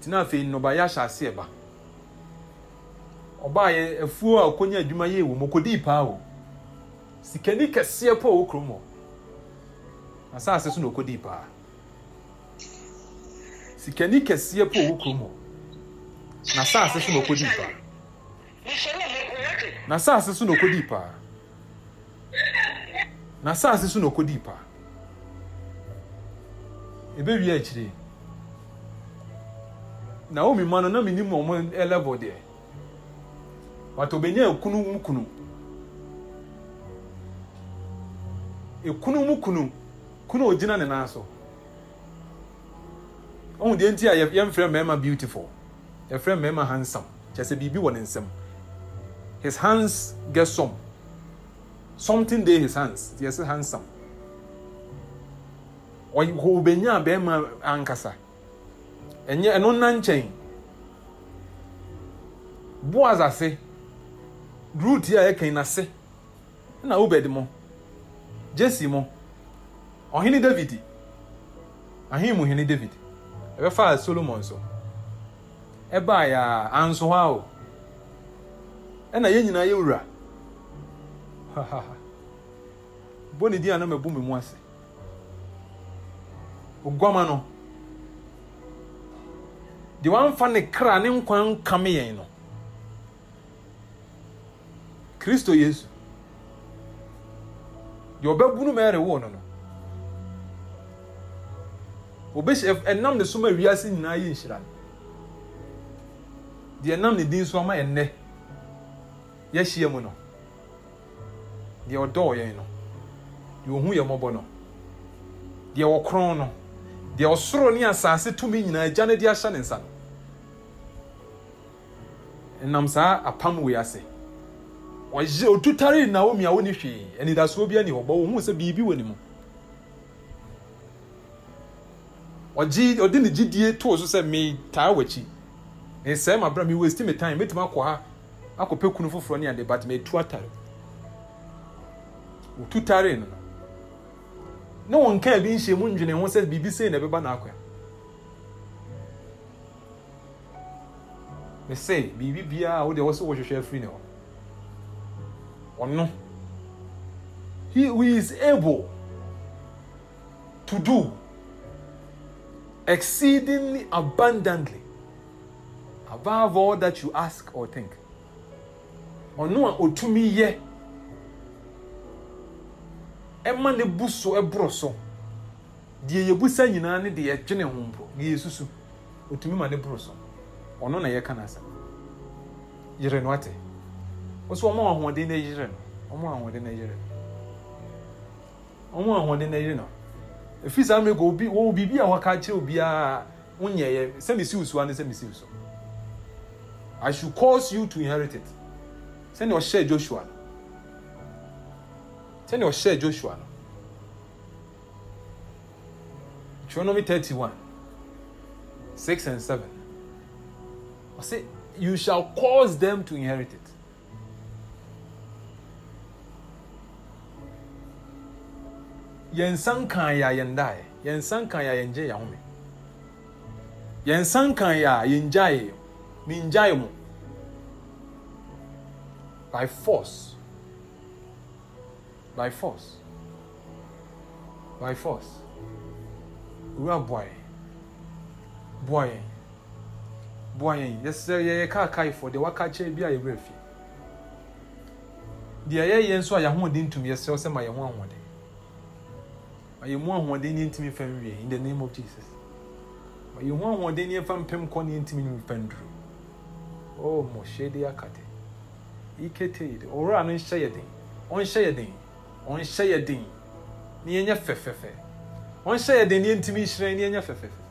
nti na afei nnɔbaeɛ ahyɛ ase ɛba ɔbaa yɛ afuo a ɔkɔnya adwuma yie wɔ mu ɔkɔdii paa o sikani kɛseɛ po a wɔ kurom hɔ asaase so na ɔkɔdii paa sikani kɛseɛ po a wɔ kurom hɔ na asaase so na ɔkɔdii paa na asaase so na ɔkɔdii paa na asaase so na ɔkɔdii paa ebewia akyire na omi ma no na mi ni mu ɔmo ɛlɛbɔ deɛ wata obenya ekunu mu kunu. ekunu mu kunu kunu ogyina ne nan so ɔhun deɛ nti a yɛmfrɛ mmarima beautiful yɛfrɛ mmarima handsome kyerɛ sɛ biribi wɔ ne nsam his hands get some something dey his hands yɛsɛ handsome ɔbɛnya bɛrima ankasa ɛnyɛ ɛno nna nkyɛn boaz ase root yi a yɛkɛn n'ase ɛna obed mo jesi mu ɔhene david mu hene david ɛbɛfaa solomon so ɛbaa yɛa anso hɔ a o ɛna yɛn nyinaa yɛ wura bɔ ne din a na mabu me mu ase oguama no deɛ wamfa ne kra ne nkwa nkame yɛn no kristo yesu deɛ ɔbɛbunu mary wɔ no no obɛhyɛ ɛnam ne so ma wiase nyinaa yɛ nhyira no deɛ ɛnam ne din so ama ɛnnɛ yɛahyia mu no deɛ ɔdɔɔ yɛn no deɛ ɔhu yɛ mmɔbɔ no deɛ ɔkorɔn no deɛ ɔsoro ne asase tumi nyinaa agya ne de ahyɛ ne nsa no ɛnam saa apam wei wɔyɛ otutare naomi a wɔnni hwee anidasoɔ bi ani hɔ bɔ wɔn ho sɛ biribi wɔ ne mu ɔgye ɔde ne gyidie too so sɛ mee taa w'akyi nsɛm ma bra mi waste mi time metumi akɔ ha akɔpɛ kunu foforɔ ne ade but metu atare otu tare no na wɔn kaa bi nhyɛ mu ndwene ho sɛ biribi sei na ɛbɛba n'akɔa mese biribi biara a wode ɛwɔ sɛ wɔhwehwɛ afiri ne hɔ ɔno he who is able to do exceedingly abundantly above all that you ask or think ɔno a otumi yɛ ɛma ne bu so ɛboro so deɛ yɛbusa nyinaa ne deɛ yɛtwe ne ho mpo deɛ yɛsusu otumi ma ne boro so ɔno na yɛka n'asɛm yere no ate nso wɔn a ahoɔden na yiri no wɔn a ahoɔden na yiri no wɔn a ahoɔden na yiri no efi saa mmiri ka obi wɔwɔ biribi a wɔaka akyerɛ obiara wonyɛɛ sɛ mi si usu ano sɛ si usu i should cause you to inherit it sɛnea ɔhyɛɛ joshua no sɛnea ɔhyɛɛ joshua no Deuteronomy thirty one six and seven ɔsɛ you shall cause them to inherit it. yɛn nsa nkan yɛ a yɛn daeɛ yɛn nsa nkan yɛ a yɛn gye yɛn home yɛn nsa nkan yɛ a yɛn gyaeɛ yɛn gyaeɛ mu by force by force by force owura boae boae boae yɛsɛ yɛyɛ kaakaefoɔ deɛ waka kyerɛ bi a yɛwura fi deɛ yɛyɛ nso a yɛahoɔden tum yɛsɛ sɛ ma yɛn ho ahoɔden ɔyɛ mu ahoɔden ne ntumi fam wie in the name of jesus ɔyɛ mu ahoɔden ne fa mpem kɔ ne ntumi ne fam duro oh mɔhyɛ de akate ikete yi de owura no nhyɛ yɛ den ɔnhyɛ yɛ den ɔnhyɛ yɛ den ne yɛnyɛ fɛfɛɛfɛ ɔnhyɛ yɛ den ne yɛntumi nhyerɛn ne yɛnyɛ fɛfɛɛfɛ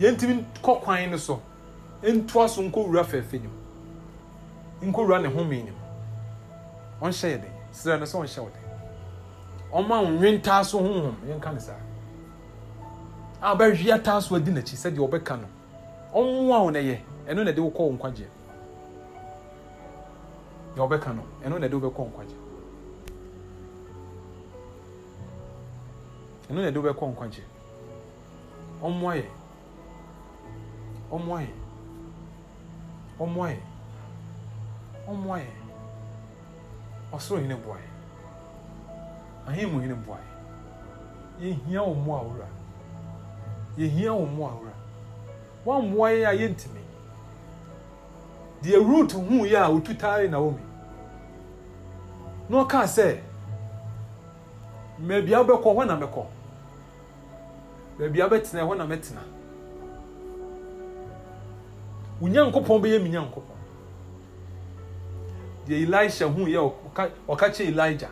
yɛntumi kɔ kwan no so ntoa so nkɔwura fɛfɛ nim nkɔwura ne home nim ɔnhyɛ yɛ den srɛ no sɛ ɔnhyɛ wo den ɔma nwe ntaa so honhom yɛnka ne saa a ɔbɛhwe ataa so adi n'akyi sɛdeɛ ɔbɛka no ɔmmoa wo na yɛ ɛno na ɛde wokɔ wo nkwagyeɛ deɛ ɔbɛka no ɛno na ɛde wobɛkɔ wo nkwagyeɛ ɛno na ɛde wobɛkɔ nkwagyeɛ ɔmmoa yɛ ɔmmoa yɛ ɔmmoa yɛ ɔmmoa yɛ ɔsoro hene boa yɛ anyị enweghị mbụ anyị yɛhia wɔn mu awura yɛhia wɔn mu awura wɔammoa yɛn a yɛntumi deɛ root hu yɛ a otutaare na wɔmi na ɔkaa sɛ mmaabi abɛkɔ hɔ na mɛkɔ baabi abɛtena hɔ na mɛtena wo nyankopɔn bɛyɛ mi nyankopɔn deɛ elisha hu yɛ ɔka kyerɛ elijah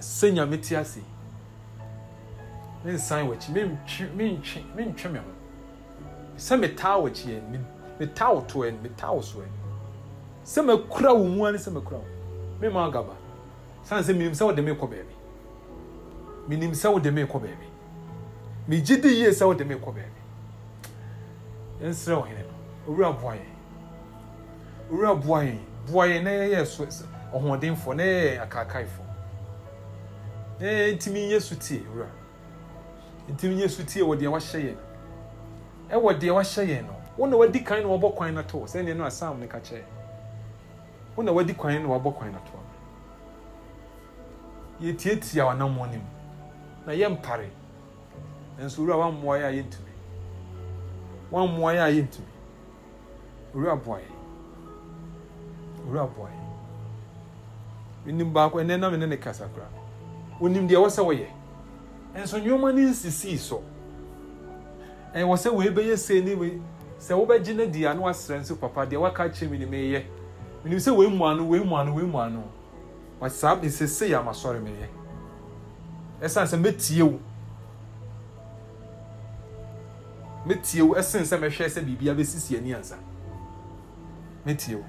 sɛ nyame te ase mensan w'akyi mentwe me ho sɛ metaa w'akyi ɛ metaa wo to ɛ metaa wo so ɛ sɛ makura wo mu a ne sɛ makura wo mema agaba sane sɛ menim sɛ wode mekɔ baabi menim sɛ wode mekɔ baabi megye di yie sɛ wode mekɔ baabi yɛnserɛ wo hene no owura boa yɛn owura boa yɛn boa yɛn na yɛyɛ ɔhoɔdenfoɔ na yɛyɛ akaakaefoɔ ee eh, ntumi nye sutie wura ntumi nye sutie wɔ deɛ wahyɛ yɛn ɛwɔ e deɛ wahyɛ yɛn no wɔn na wadi kan na wɔbɔ kwan na to sɛ nea no asam ne na wadi kwan na wɔbɔ kwan na to yɛtiatia wɔn ne mu na yɛ mpare nso wura yɛ a yɛntumi wɔammoa yɛ a ntumi wura boa wura boa baako ɛnɛ nam ne kasa onim deɛ ɛwɔ sɛ wɔyɛ nso nneɛma no nsisii so ɛwɔ e, sɛ wɔbɛyɛ sei ne wei sɛ wobɛgye no di ano asrɛ nso papa deɛ waka kyerɛ me ne meyɛ menim sɛ wei mu ano wei mu ano wei mu ano saa de sese yɛ amasɔre meyɛ ɛsiane sɛ mɛtie wo mɛtie wo ɛsen sɛ mɛhwɛ sɛ biribia bɛsisi ani ansa mɛtie wo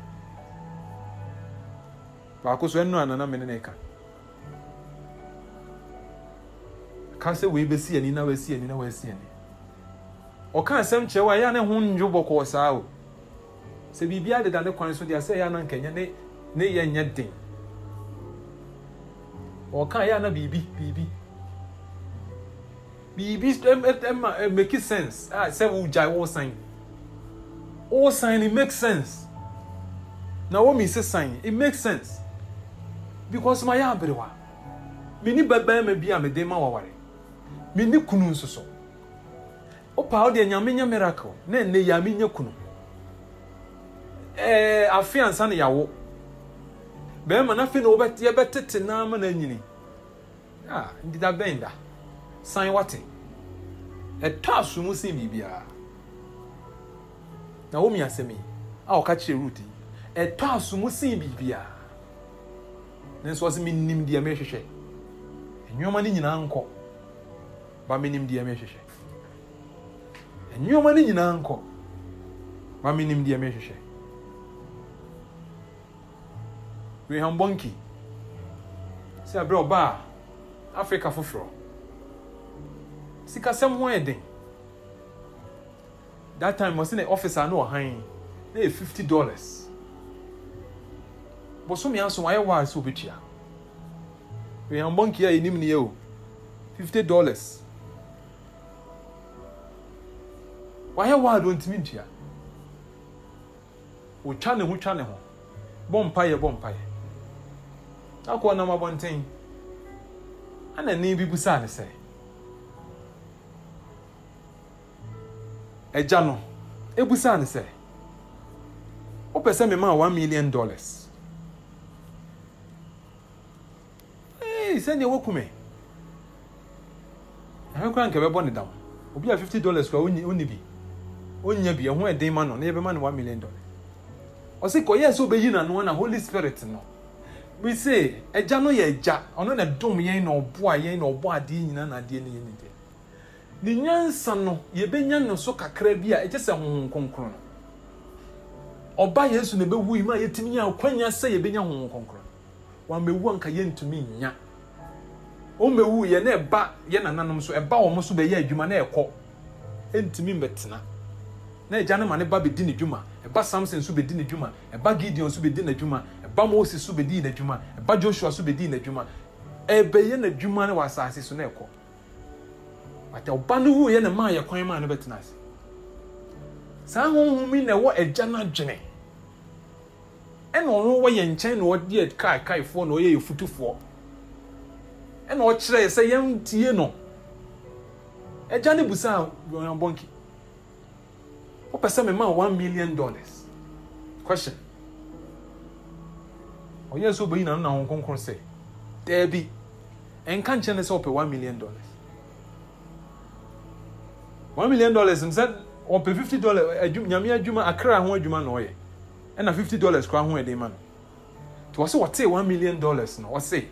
baako so ɛno anana me ne ne ka ɔka sɛ wei bɛsi ani na wasi ani na wasi ani ɔka asɛm kyerɛ wa ɛyɛ ne ho ndwo bɔkɔɔ saa o sɛ biribiara deda ne kwan so deɛ sɛ ɛyɛ anankɛnyɛ ne ne yɛ nyɛ den ɔka ɛyɛ ana biribi biribi biribi ɛma ɛ make sense a sɛ wogyae wo san wo san no make sense na wo mi se san it make sense because ma yɛ aberewa mini bɛbɛn ma bi a mede ma waware mi ni kunu nso so wopa wo deɛ nyame nyɛ miracle eh, na ɛnɛ yɛ ame kunu ɛɛ afe ansa na yawo bɛrima na afei na wɔbɛte yɛbɛtete naa ma na anyini a ndida bɛn da san wate ɛtɔ e aso mu biribiara na wɔn miasɛm yi a wɔka kyerɛ root yi e ɛtɔ aso mu biribiara ne nso wɔsi mi nim deɛ mɛhwehwɛ nneɛma no nyinaa nkɔ ba menim deɛ mehwehwɛ nneɛma no nyinaa nkɔ ba menim deɛ mehwehwɛ reham bɔnki sɛ aberɛ ɔbaa afrika foforɔ sikasɛm ho yɛ den that time wɔsi na ɔfisa na ɔhan na yɛ fifty dollars bosomi aso ayɛ waa sɛ obetua reham bɔnki a yɛnim ne yɛ o fifty dollars. wayɛ wild ontimi ntua otwa ne ho twa ne ho bɔ mpaeɛ bɔ mpaeɛ akɔ nam abɔnten ɛna ne bi busaa ne sɛ ɛgya no ebusaa ne sɛ wopɛ sɛ memaa one million dollars ee sɛdeɛ wɔkume ɛhɛn koraa nkɛbɛbɔ ne dam obi a fifty dollars koraa onyi bi. onye bi ɛho ede ma no na yɛbɛma no one million dollar ɔsi kɔyɛ sɛ ɔbɛyi n'ano na holy spirit no we say ɛgya no yɛ ɛgya ɔno na dom yɛn na ɔboa yɛn na ɔbɔ adeɛ nyinaa na adeɛ no yɛ ne deɛ ne nyansa no yɛbɛnya no so kakra bi a ɛkyɛ sɛ honhom kronkron no ɔba yesu na ɛbɛwu yi mu a yɛtumi nya akwanya sɛ yɛbɛnya honhom kronkron wɔamɛwu anka yɛntumi nya ɔmɛwu yɛ na ɛba yɛ nananom so ɛba wɔn so bɛyɛ adwuma na ɛkɔ ɛntumi mbɛtena na agya no ma ne ba bɛdi ne dwuma ɛba samson nso bɛdi ne dwuma ɛba gideon nso bɛdi n'adwuma ɛba mose nso bɛdi n'adwuma ɛba joshua nso bɛdi n'adwuma ɛbɛyɛ n'adwuma no wɔ asase so na ɛkɔ wata ɔba no wu yɛ ne maa yɛ kwan maa no bɛtena ase saa honhom yi na ɛwɔ agya no adwene ɛna ɔno wɔ yɛn nkyɛn na ɔyɛ kaekaefoɔ na ɔyɛ yɛfutufoɔ ɛna ɔkyerɛ sɛ yɛn tie no agya no busaa wɔn abɔnke wopɛ sɛ mema one million dollars question ɔyɛ sɛ wobɛyi nano na ho kronkron sɛ daabi ɛnka nkyerɛ ne sɛ wopɛ one million dollars one million dollars n sɛ ɔpɛ fifty dollars adwuma nyame adwuma akra ho adwuma na ɔyɛ fifty dollars koraa ho ɛde ma no nti wɔ sɛ wɔtee one million dollars no ɔse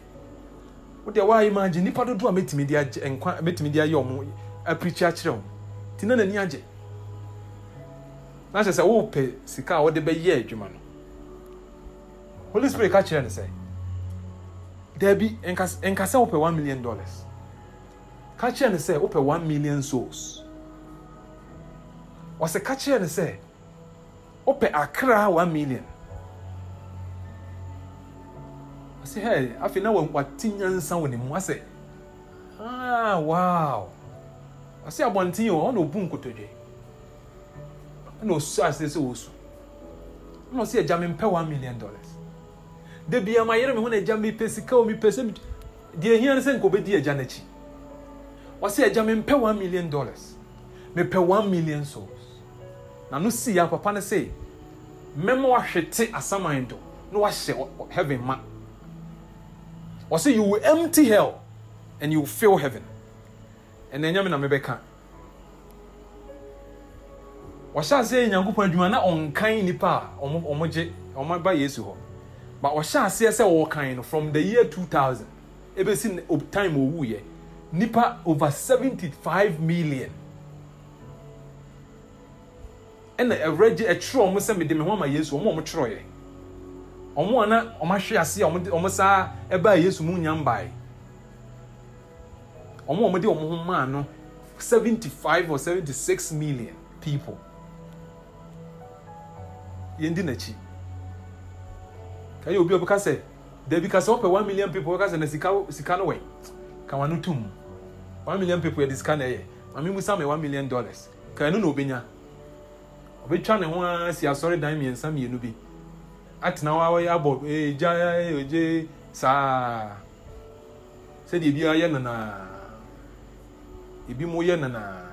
wodeɛ woayɛ ma agye nnipa dodoɔ a mɛtumi de agye nkwa mɛtumi de ayɛ ɔmo aprikyi akyerɛ wo nti na n'ani agye na kyerɛ sɛ wopɛ sika a wode bɛyɛ adwuma no holy spirit ka kyerɛ no sɛ daabi nka sɛ wopɛ 1 million dollars ka kyerɛ no sɛ wopɛ 1 million souls ɔsɛ ka kyerɛ no sɛ wopɛ akra 1 million ɔsɛ hɛ afei na wate nyansa wɔ ne mu asɛ ah, wow ɔsɛ abɔnten ɔ ɔna ɔbu nkotodwe ɛna osu ase sɛ osu ɛna ɔsi ɛgya mi mpɛ one million dollars debi ama yɛrɛ mi ho na ɛgya mi pɛ sika o mi pɛ sɛ mi deɛ ehia ne sɛ nka obedi ɛgya n'akyi ɔsi ɛgya mi mpɛ one million dollars mi pɛ one million souls na no si ya papa ne se mmɛma wahwete asaman do na wahyɛ heaven ma ɔsi you will empty hell and you will fill heaven ɛnna ɛnyɛ mi na mi bɛ ka wɔhyɛ ase yɛ nyankopɔn adwuma na ɔnkan nipa a ɔmo gye ɔmo ba yesu hɔ but wɔhyɛ aseɛ sɛ wɔɔkan no from the year two thousand ebesi time owu yɛ nipa over seventy five million ɛna ɛwura gye ɛtwerɛ ɔmo sɛ mede me ho ama yesu ɔmo ɔmo twerɛ yɛ ɔmo ana ɔmo ahwɛ ase a ɔmo saa ɛbaa yesu mu nya mbae ɔmo ɔmo de ɔmo ho maa no seventy five or seventy six million people yɛndi n'akyi kayɛ obi a ɔbɛka sɛ dabi ka sɛ ɔpɛ one million people ɔka sɛ na sika sika no wɛ ka wɔn ano tum one million people yɛde sika na ɛyɛ maame musa mɛ one million dollars kayɛ no na ɔbɛnya ɔbɛtwa ne ho ara si asɔre dan mmiɛnsa mmienu bi atena hɔ a ɔyɛ abɔ ee eh, gya ee eh, ogye saa sɛdeɛ ebi ayɛ nanaa ebi mo yɛ nanaa.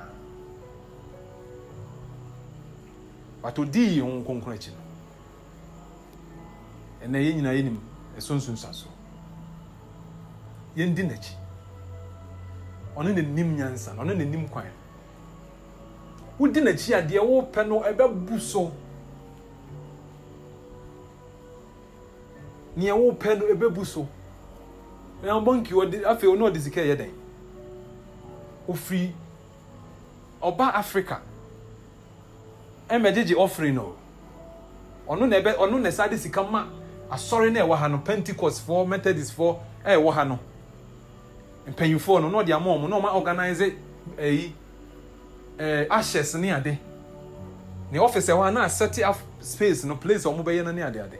but odii wɔn nkonkron akyi no ɛnna yɛn nyinaa yɛnim ɛso nsonsa so yɛn di n'akyi ɔno na nim nyansa ɔno na nim kwan wodi n'akyi a deɛ wɔrepɛ no ɛbɛbu so nea wɔrepɛ no ɛbɛbu so ɛnna bɔnki ɔde afei ɔno ɔde sika yɛ dɛn ofiri ɔba africa ɛmɛgye gye ɔfiri no ɔno na ɛbɛ ɔno na ɛsa de sika ma asɔre na ɛwɔ ha no pentecost foɔ methodist foɔ ɛwɔ eh, ha no mpanyinfoɔ no na ɔde ama wɔn na ɔma organize ɛyi eh, ɛɛ eh, ashes ne ade ne ɔfisi ɛwɔ ha na asɛte af space no place a wɔn bɛyɛ no ne ade ade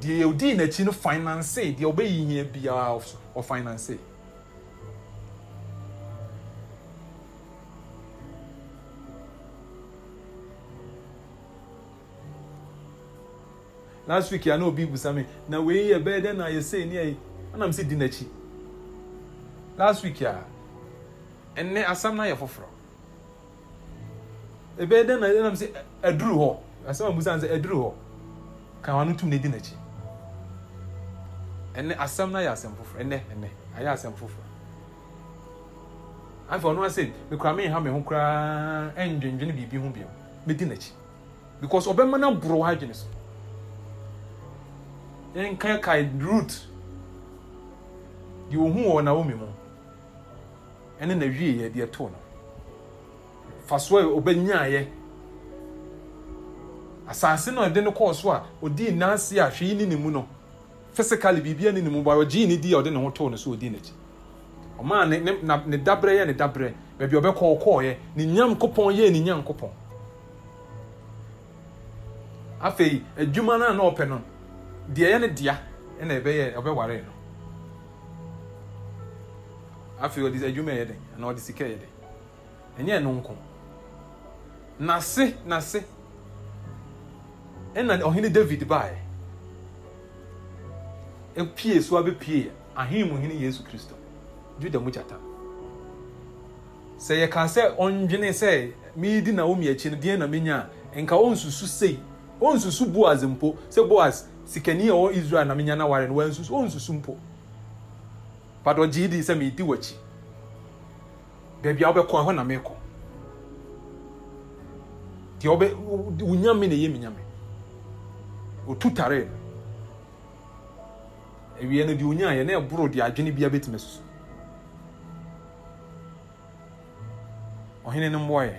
deɛ odi n'akyi no finance deɛ ɔbɛyi hia biara ɔfinance. Of, last week ya na obi busa me na wei yɛ bɛyɛ dɛ na yɛ ni ne yɛ anam sɛ di n'akyi last week ya ɛnɛ asam na yɛ foforɔ ɛbɛyɛ dɛ na ɛnam sɛ ɛduru hɔ asam a busa sɛ ɛduru e hɔ kan wa no tum na di n'akyi ɛnɛ asam na yɛ asɛm foforɔ ɛnɛ ɛnɛ ayɛ asɛm foforɔ afi ɔno ase mekura mi ha mi ho koraa ɛndwendwene biribi ho bio medi n'akyi because ɔbɛma na boro ha adwene so yɛn kaekae root deɛ ohu wɔ naomi mu ɛne na wie yɛ deɛ to no fasoɔ a e, ɔbɛnyaayɛ asase na ɔde no kɔɔ so a ɔdii nansi a hwee ne ne mu no physically biribi ne ne mu ba ɔgyee ne di a ɔde ne ho too no so ɔdii n'akyi ɔmaa ne ne na ne dabrɛ yɛ ne dabrɛ baabi ɔbɛkɔ ɔkɔɔyɛ ne nyam kopɔn yɛ ne nyam kopɔn afei adwuma no a na ɔpɛ no deɛ ɛyɛ ne dea ɛna ɛbɛyɛ ɔbɛware no afei ɔde adwuma yɛ den anaa ɔde sika yɛ den ɛnyɛ ɛno nko n'ase n'ase ɛna ɔhene david baeɛ epie so abepie ahenmuhene yesu kristo juda mu gyata sɛ yɛka sɛ ɔndwene sɛ meedi naomi akyi no deɛ na menya a nka ɔnsusu sei ɔnsusu boas mpo sɛ boas sikani a ɔwɔ israel na menya n'aware no wɔnsusu ɔnsusu mpo but ɔgye di sɛ meedi w'akyi beebi a wobɛkɔ ɛhɔ na meekɔ deɛ ɔbɛ wunyame na ɛyɛ menyame otu tare no ewie no deɛ onyaayɛ na ɛboro deɛ adwene bia bɛtumi susu ɔhene no mmoa yɛ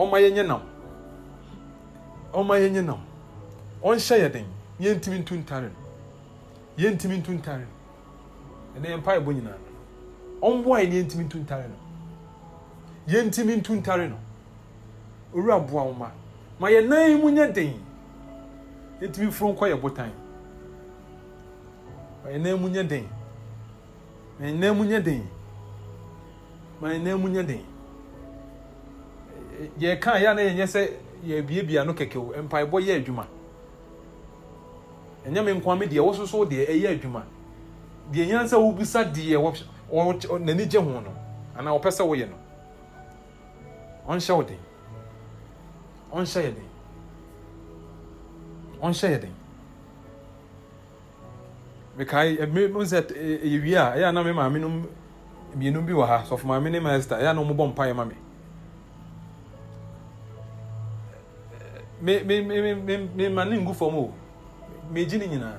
ɔmma yɛnyɛ nam ɔma yɛnyɛ nam ɔnhyɛ yɛ den yɛntumi ntu ntare no yɛntumi ntu ntare no ɛnɛ yɛmpa yɛbɔ nyinaa no ɔmboa yɛ no yɛntumi ntu ntare no yɛntumi ntu ntare no owura boa wo ma ma yɛ nan yi mu nyɛ den yɛntumi foro nkɔ yɛ botan ma yɛ nan mu nyɛ den ma yɛ nan mu nyɛ den ma yɛ nan mu nyɛ den yɛka yɛ a na sɛ yɛabiabia no kɛkɛ o mpaebɔ yɛ adwuma ɛnyɛ me nkoa me deɛ wo soso deɛ ɛyɛ adwuma deɛ ɛnya sɛ wobisa deɛ n'ani gye ho no anaa wɔpɛ sɛ woyɛ no ɔnhyɛ wo den ɔnhyɛ yɛ den ɔnhyɛ yɛ den mekae ɛmu sɛ ɛyɛ wie a ɛyɛ ana me maame no mmienu bi wɔ ha sɔfo maame ne ma ɛsta ɛyɛ ana wɔn bɔ mpaeɛ ma me me me me me me ma ne ngu fam o megye ne nyinaa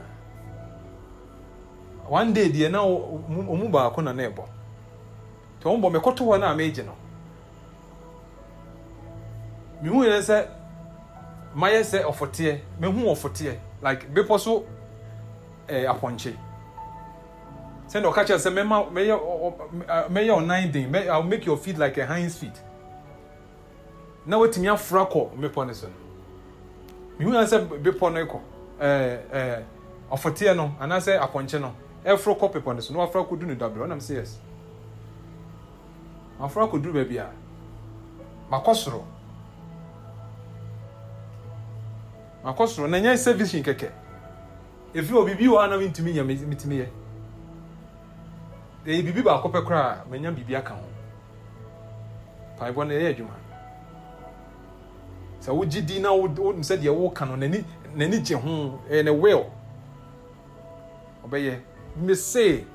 one day deɛ na ɔmu baako na na ɛbɔ nti ɔmo bɔ mɛkɔto hɔ na megye no mehu yɛ sɛ mayɛ sɛ ɔfɔteɛ mehu ɔfɔteɛ like bepɔ so ɛɛ eh, apɔnkye sɛnɛ ɔka kyerɛ sɛ mɛma mɛyɛ ɔ mɛyɛ ɔnan den mɛ i will make your feet like a hinds feet na wɔtumi afura kɔ mepɔ ne so no mihu na sɛ bepɔ no kɔ ɛɛ ɛɛ ɔfɔteɛ no anaasɛ apɔnkye no ɛforo kɔ pepɔ no so na waforo akɔdu ne dabere ɔnam sɛ yes waforo akɔdu baabi a makɔ soro makɔ soro na nyɛ sɛ vision kɛkɛ efi wɔ biribi wɔ anam ntumi nyɛ mitumi yɛ ɛyɛ biribi baako pɛ koraa mɛnya biribi aka ho paebɔ no ɛyɛ adwuma sɛ wogye di na wonim sɛ deɛ woka no n'ani gye ho ɛyɛ ne will ɔbɛyɛ mese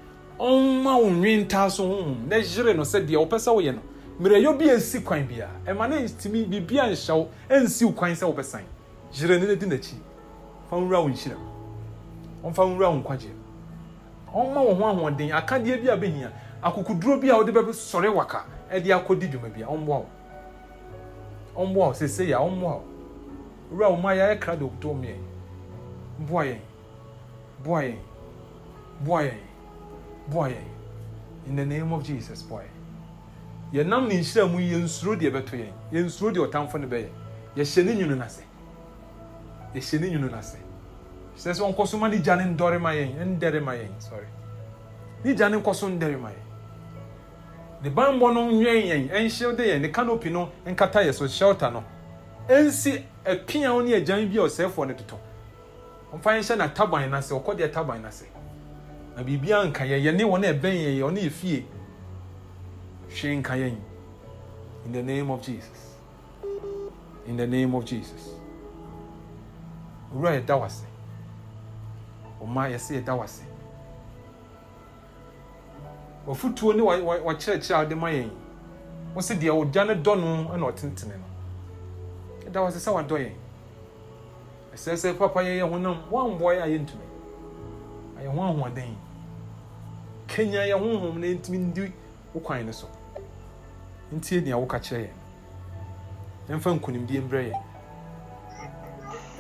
ɔmma wo nwi so honhom na yere no sɛ deɛ wopɛ sɛ woyɛ no mmerɛyɛ bi ɛnsi kwan bia ɛma ne ntumi biribia nhyɛ wo ɛnsi wo kwan sɛ wobɛsan yere no no di n'akyi fa nwura wo nhyira ɔmfa nwura wo nkwagyeɛ ɔmma wo ho ahoɔden akadeɛ bi a bɛhia akokoduro bi a wode bɛsɔre waka ɛde akɔdi dwuma bia ɔmboa wo ɔmmoa wo sɛsɛ yɛ a ɔmmoa wo wura wo ma yɛayɛ e kra de ɔkutɔ meɛ boa yɛn boa yɛn boa yɛn boa yɛn in the name of jesus boa yɛn yɛnam ne nhyira mu yɛnsuro deɛ ɛbɛto yɛn yɛnsuro deɛ ɔtamfo no bɛyɛ yɛhyɛ ne nwunu no ase yɛhyɛ ne nwunu no ase sɛ sɛ ɔnkɔ so ma ne gya ne ndɔre ma yɛn ndɛre ma yɛn sɔre ne gya ne nkɔ so ndɛre ma yɛn ne banbɔ no nwɛn yɛn ɛnhyɛwde yɛn ne canopy no nkata yɛ so shelter no ɛnsi ɛpia ne agyan bi a ɔsɛefoɔ no totɔ ɔmfa yɛn hyɛ n'ataban n'ase ɔkɔdeɛ taban n'ase na biribiara nka yɛn yɛne wɔn a ɛbɛn yɛn ɔne yɛ fie hwee nka yɛn in the name of jesus in the name of jesus owura yɛda wase ɔma yɛsɛ yɛda wase wafutuo ne wakyerɛkyerɛ a wɔde ma yɛn wɔsi deɛ ɔgya ne dɔ no na ɔtentene no ɛda sɛ wadɔ yɛn papa yɛ yɛ ayɛ ho ahoɔden kenya yɛ na yɛntumi ndi wo kwan so ntie nea woka kyerɛ yɛn ɛmfa nkonimdie mbrɛ yɛn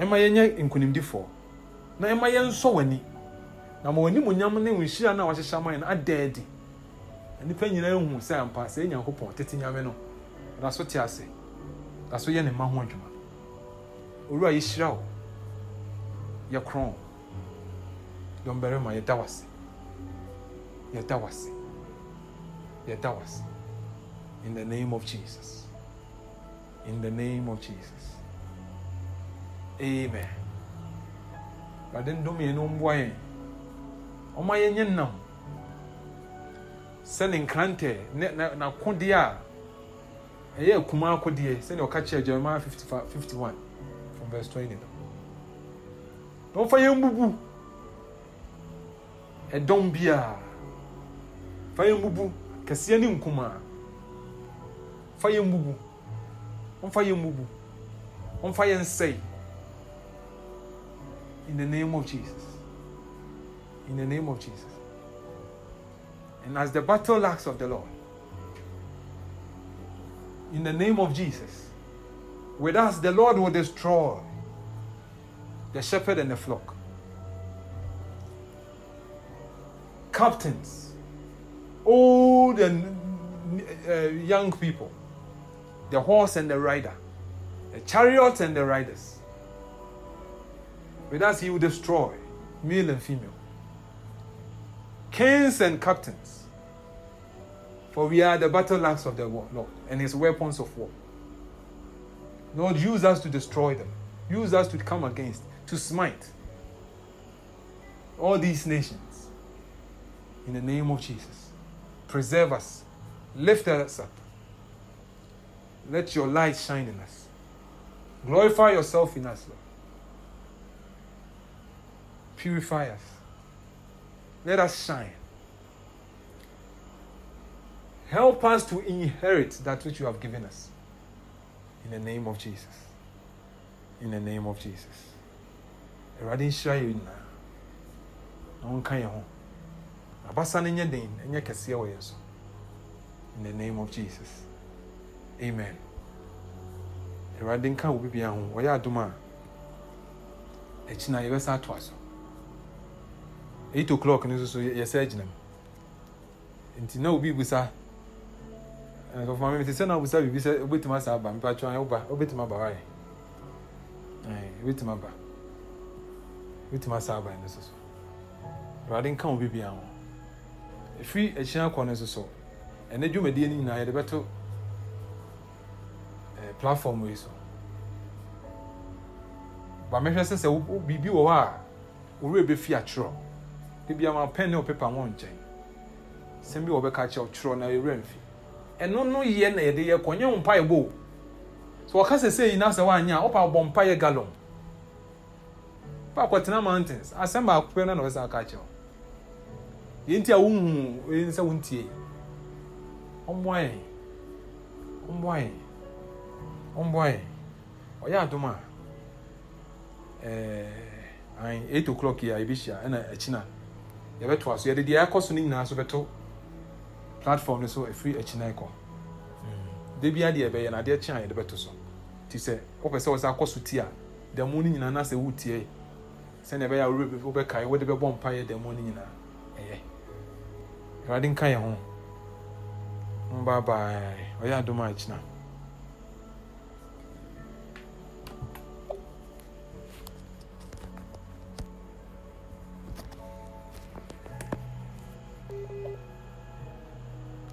ɛma yɛnyɛ nkonimdifoɔ na ɛma w'ani na ma w'animuonyam ne nhyira no a wɔahyehyɛ yɛn nipa nyinaa ehu sɛ ampa sɛ enyankopɔn tete nyame no da so te ase da so yɛ ne mma ho adwuma owura yɛhyira wo yɛkorɔn yɔmbarima yɛda wase yɛda wase yɛda wase in the name of jesus in the name of jesus amen awurade ndom yɛn no mboa yɛn ɔma yɛnyɛ nam sɛne nkranteɛ n'akodeɛ a ɛyɛ akuma akodeɛ sɛnea ɔka kyerɛ jeremiah 51 from verse twenty no wɔmfa yɛn bubu ɛdɔm biara fa yɛn bubu kɛseɛ ne nkumaa fa yɛn bubu wɔmfa yɛn bubu wɔmfa yɛn sɛe in the name of jesus in the name of jesus and as the battle axe of the Lord. In the name of Jesus, with us, the Lord will destroy the shepherd and the flock, captains, old and uh, young people, the horse and the rider, the chariots and the riders. With us, He will destroy male and female kings and captains. For we are the battle axe of the Lord and his weapons of war. Lord, use us to destroy them. Use us to come against, to smite all these nations. In the name of Jesus, preserve us, lift us up. Let your light shine in us. Glorify yourself in us, Lord. Purify us let us shine. Help us to inherit that which you have given us. In the name of Jesus. In the name of Jesus. in the name of jesus amen ho na eight o'clock no so yɛsɛ gyina mu nti na obi busa nkurɔfoɔ maame mi sɛ na obusa biribi sɛ obetuma saa aba mpatwa ayɛ oba obetuma aba waayɛ ɛɛ obetuma aba obetuma saa aba no so so awurade nka wo bibia ho ɛfiri akyina kɔ no so so ɛnɛ dwumadie no nyinaa yɛde bɛto ɛɛ platform yi so ba mɛhwɛ sɛ sɛ biribi wɔ hɔ a owurɛ bɛfi atwerɛ ebi ama pen ne o paper wɔn nkyɛn sɛm bi wɔ bɛka kyerɛ ɔtwerɛ na ewura nfi ɛno no yɛ na yɛde yɛ kɔnyɛ wɔn mpa yɛ bo so wɔka sɛ sɛ yi na sɛ wɔanyɛ a mpa yɛ galon baako tena mountains asɛm baako pɛ na na ɔsɛ aka kyerɛ yɛn ti a wohun yɛn nsa wɔn tie ɔmmoa yɛn ɔmmoa yɛn ɔmmoa adum a ɛɛ eh, ayi eight o'clock yi a ebi hyia ɛna akyi yɛbɛto aso yɛde deɛ ɛkɔ so no nyinaa so bɛto platform no so ɛfiri akyi na ɛkɔ mm. da bia deɛ ɛbɛyɛ no adeɛ kye yɛde bɛto so nti sɛ wopɛ sɛ wɔsɛ akɔ so ti a da mu no nyinaa na sɛ wotie sɛnea ɛbɛyɛ a wobɛkae wode bɛbɔ mpayɛ da mu no nyinaa ɛyɛ awurade nka yɛ ho mbabae ɔyɛ adom a akyina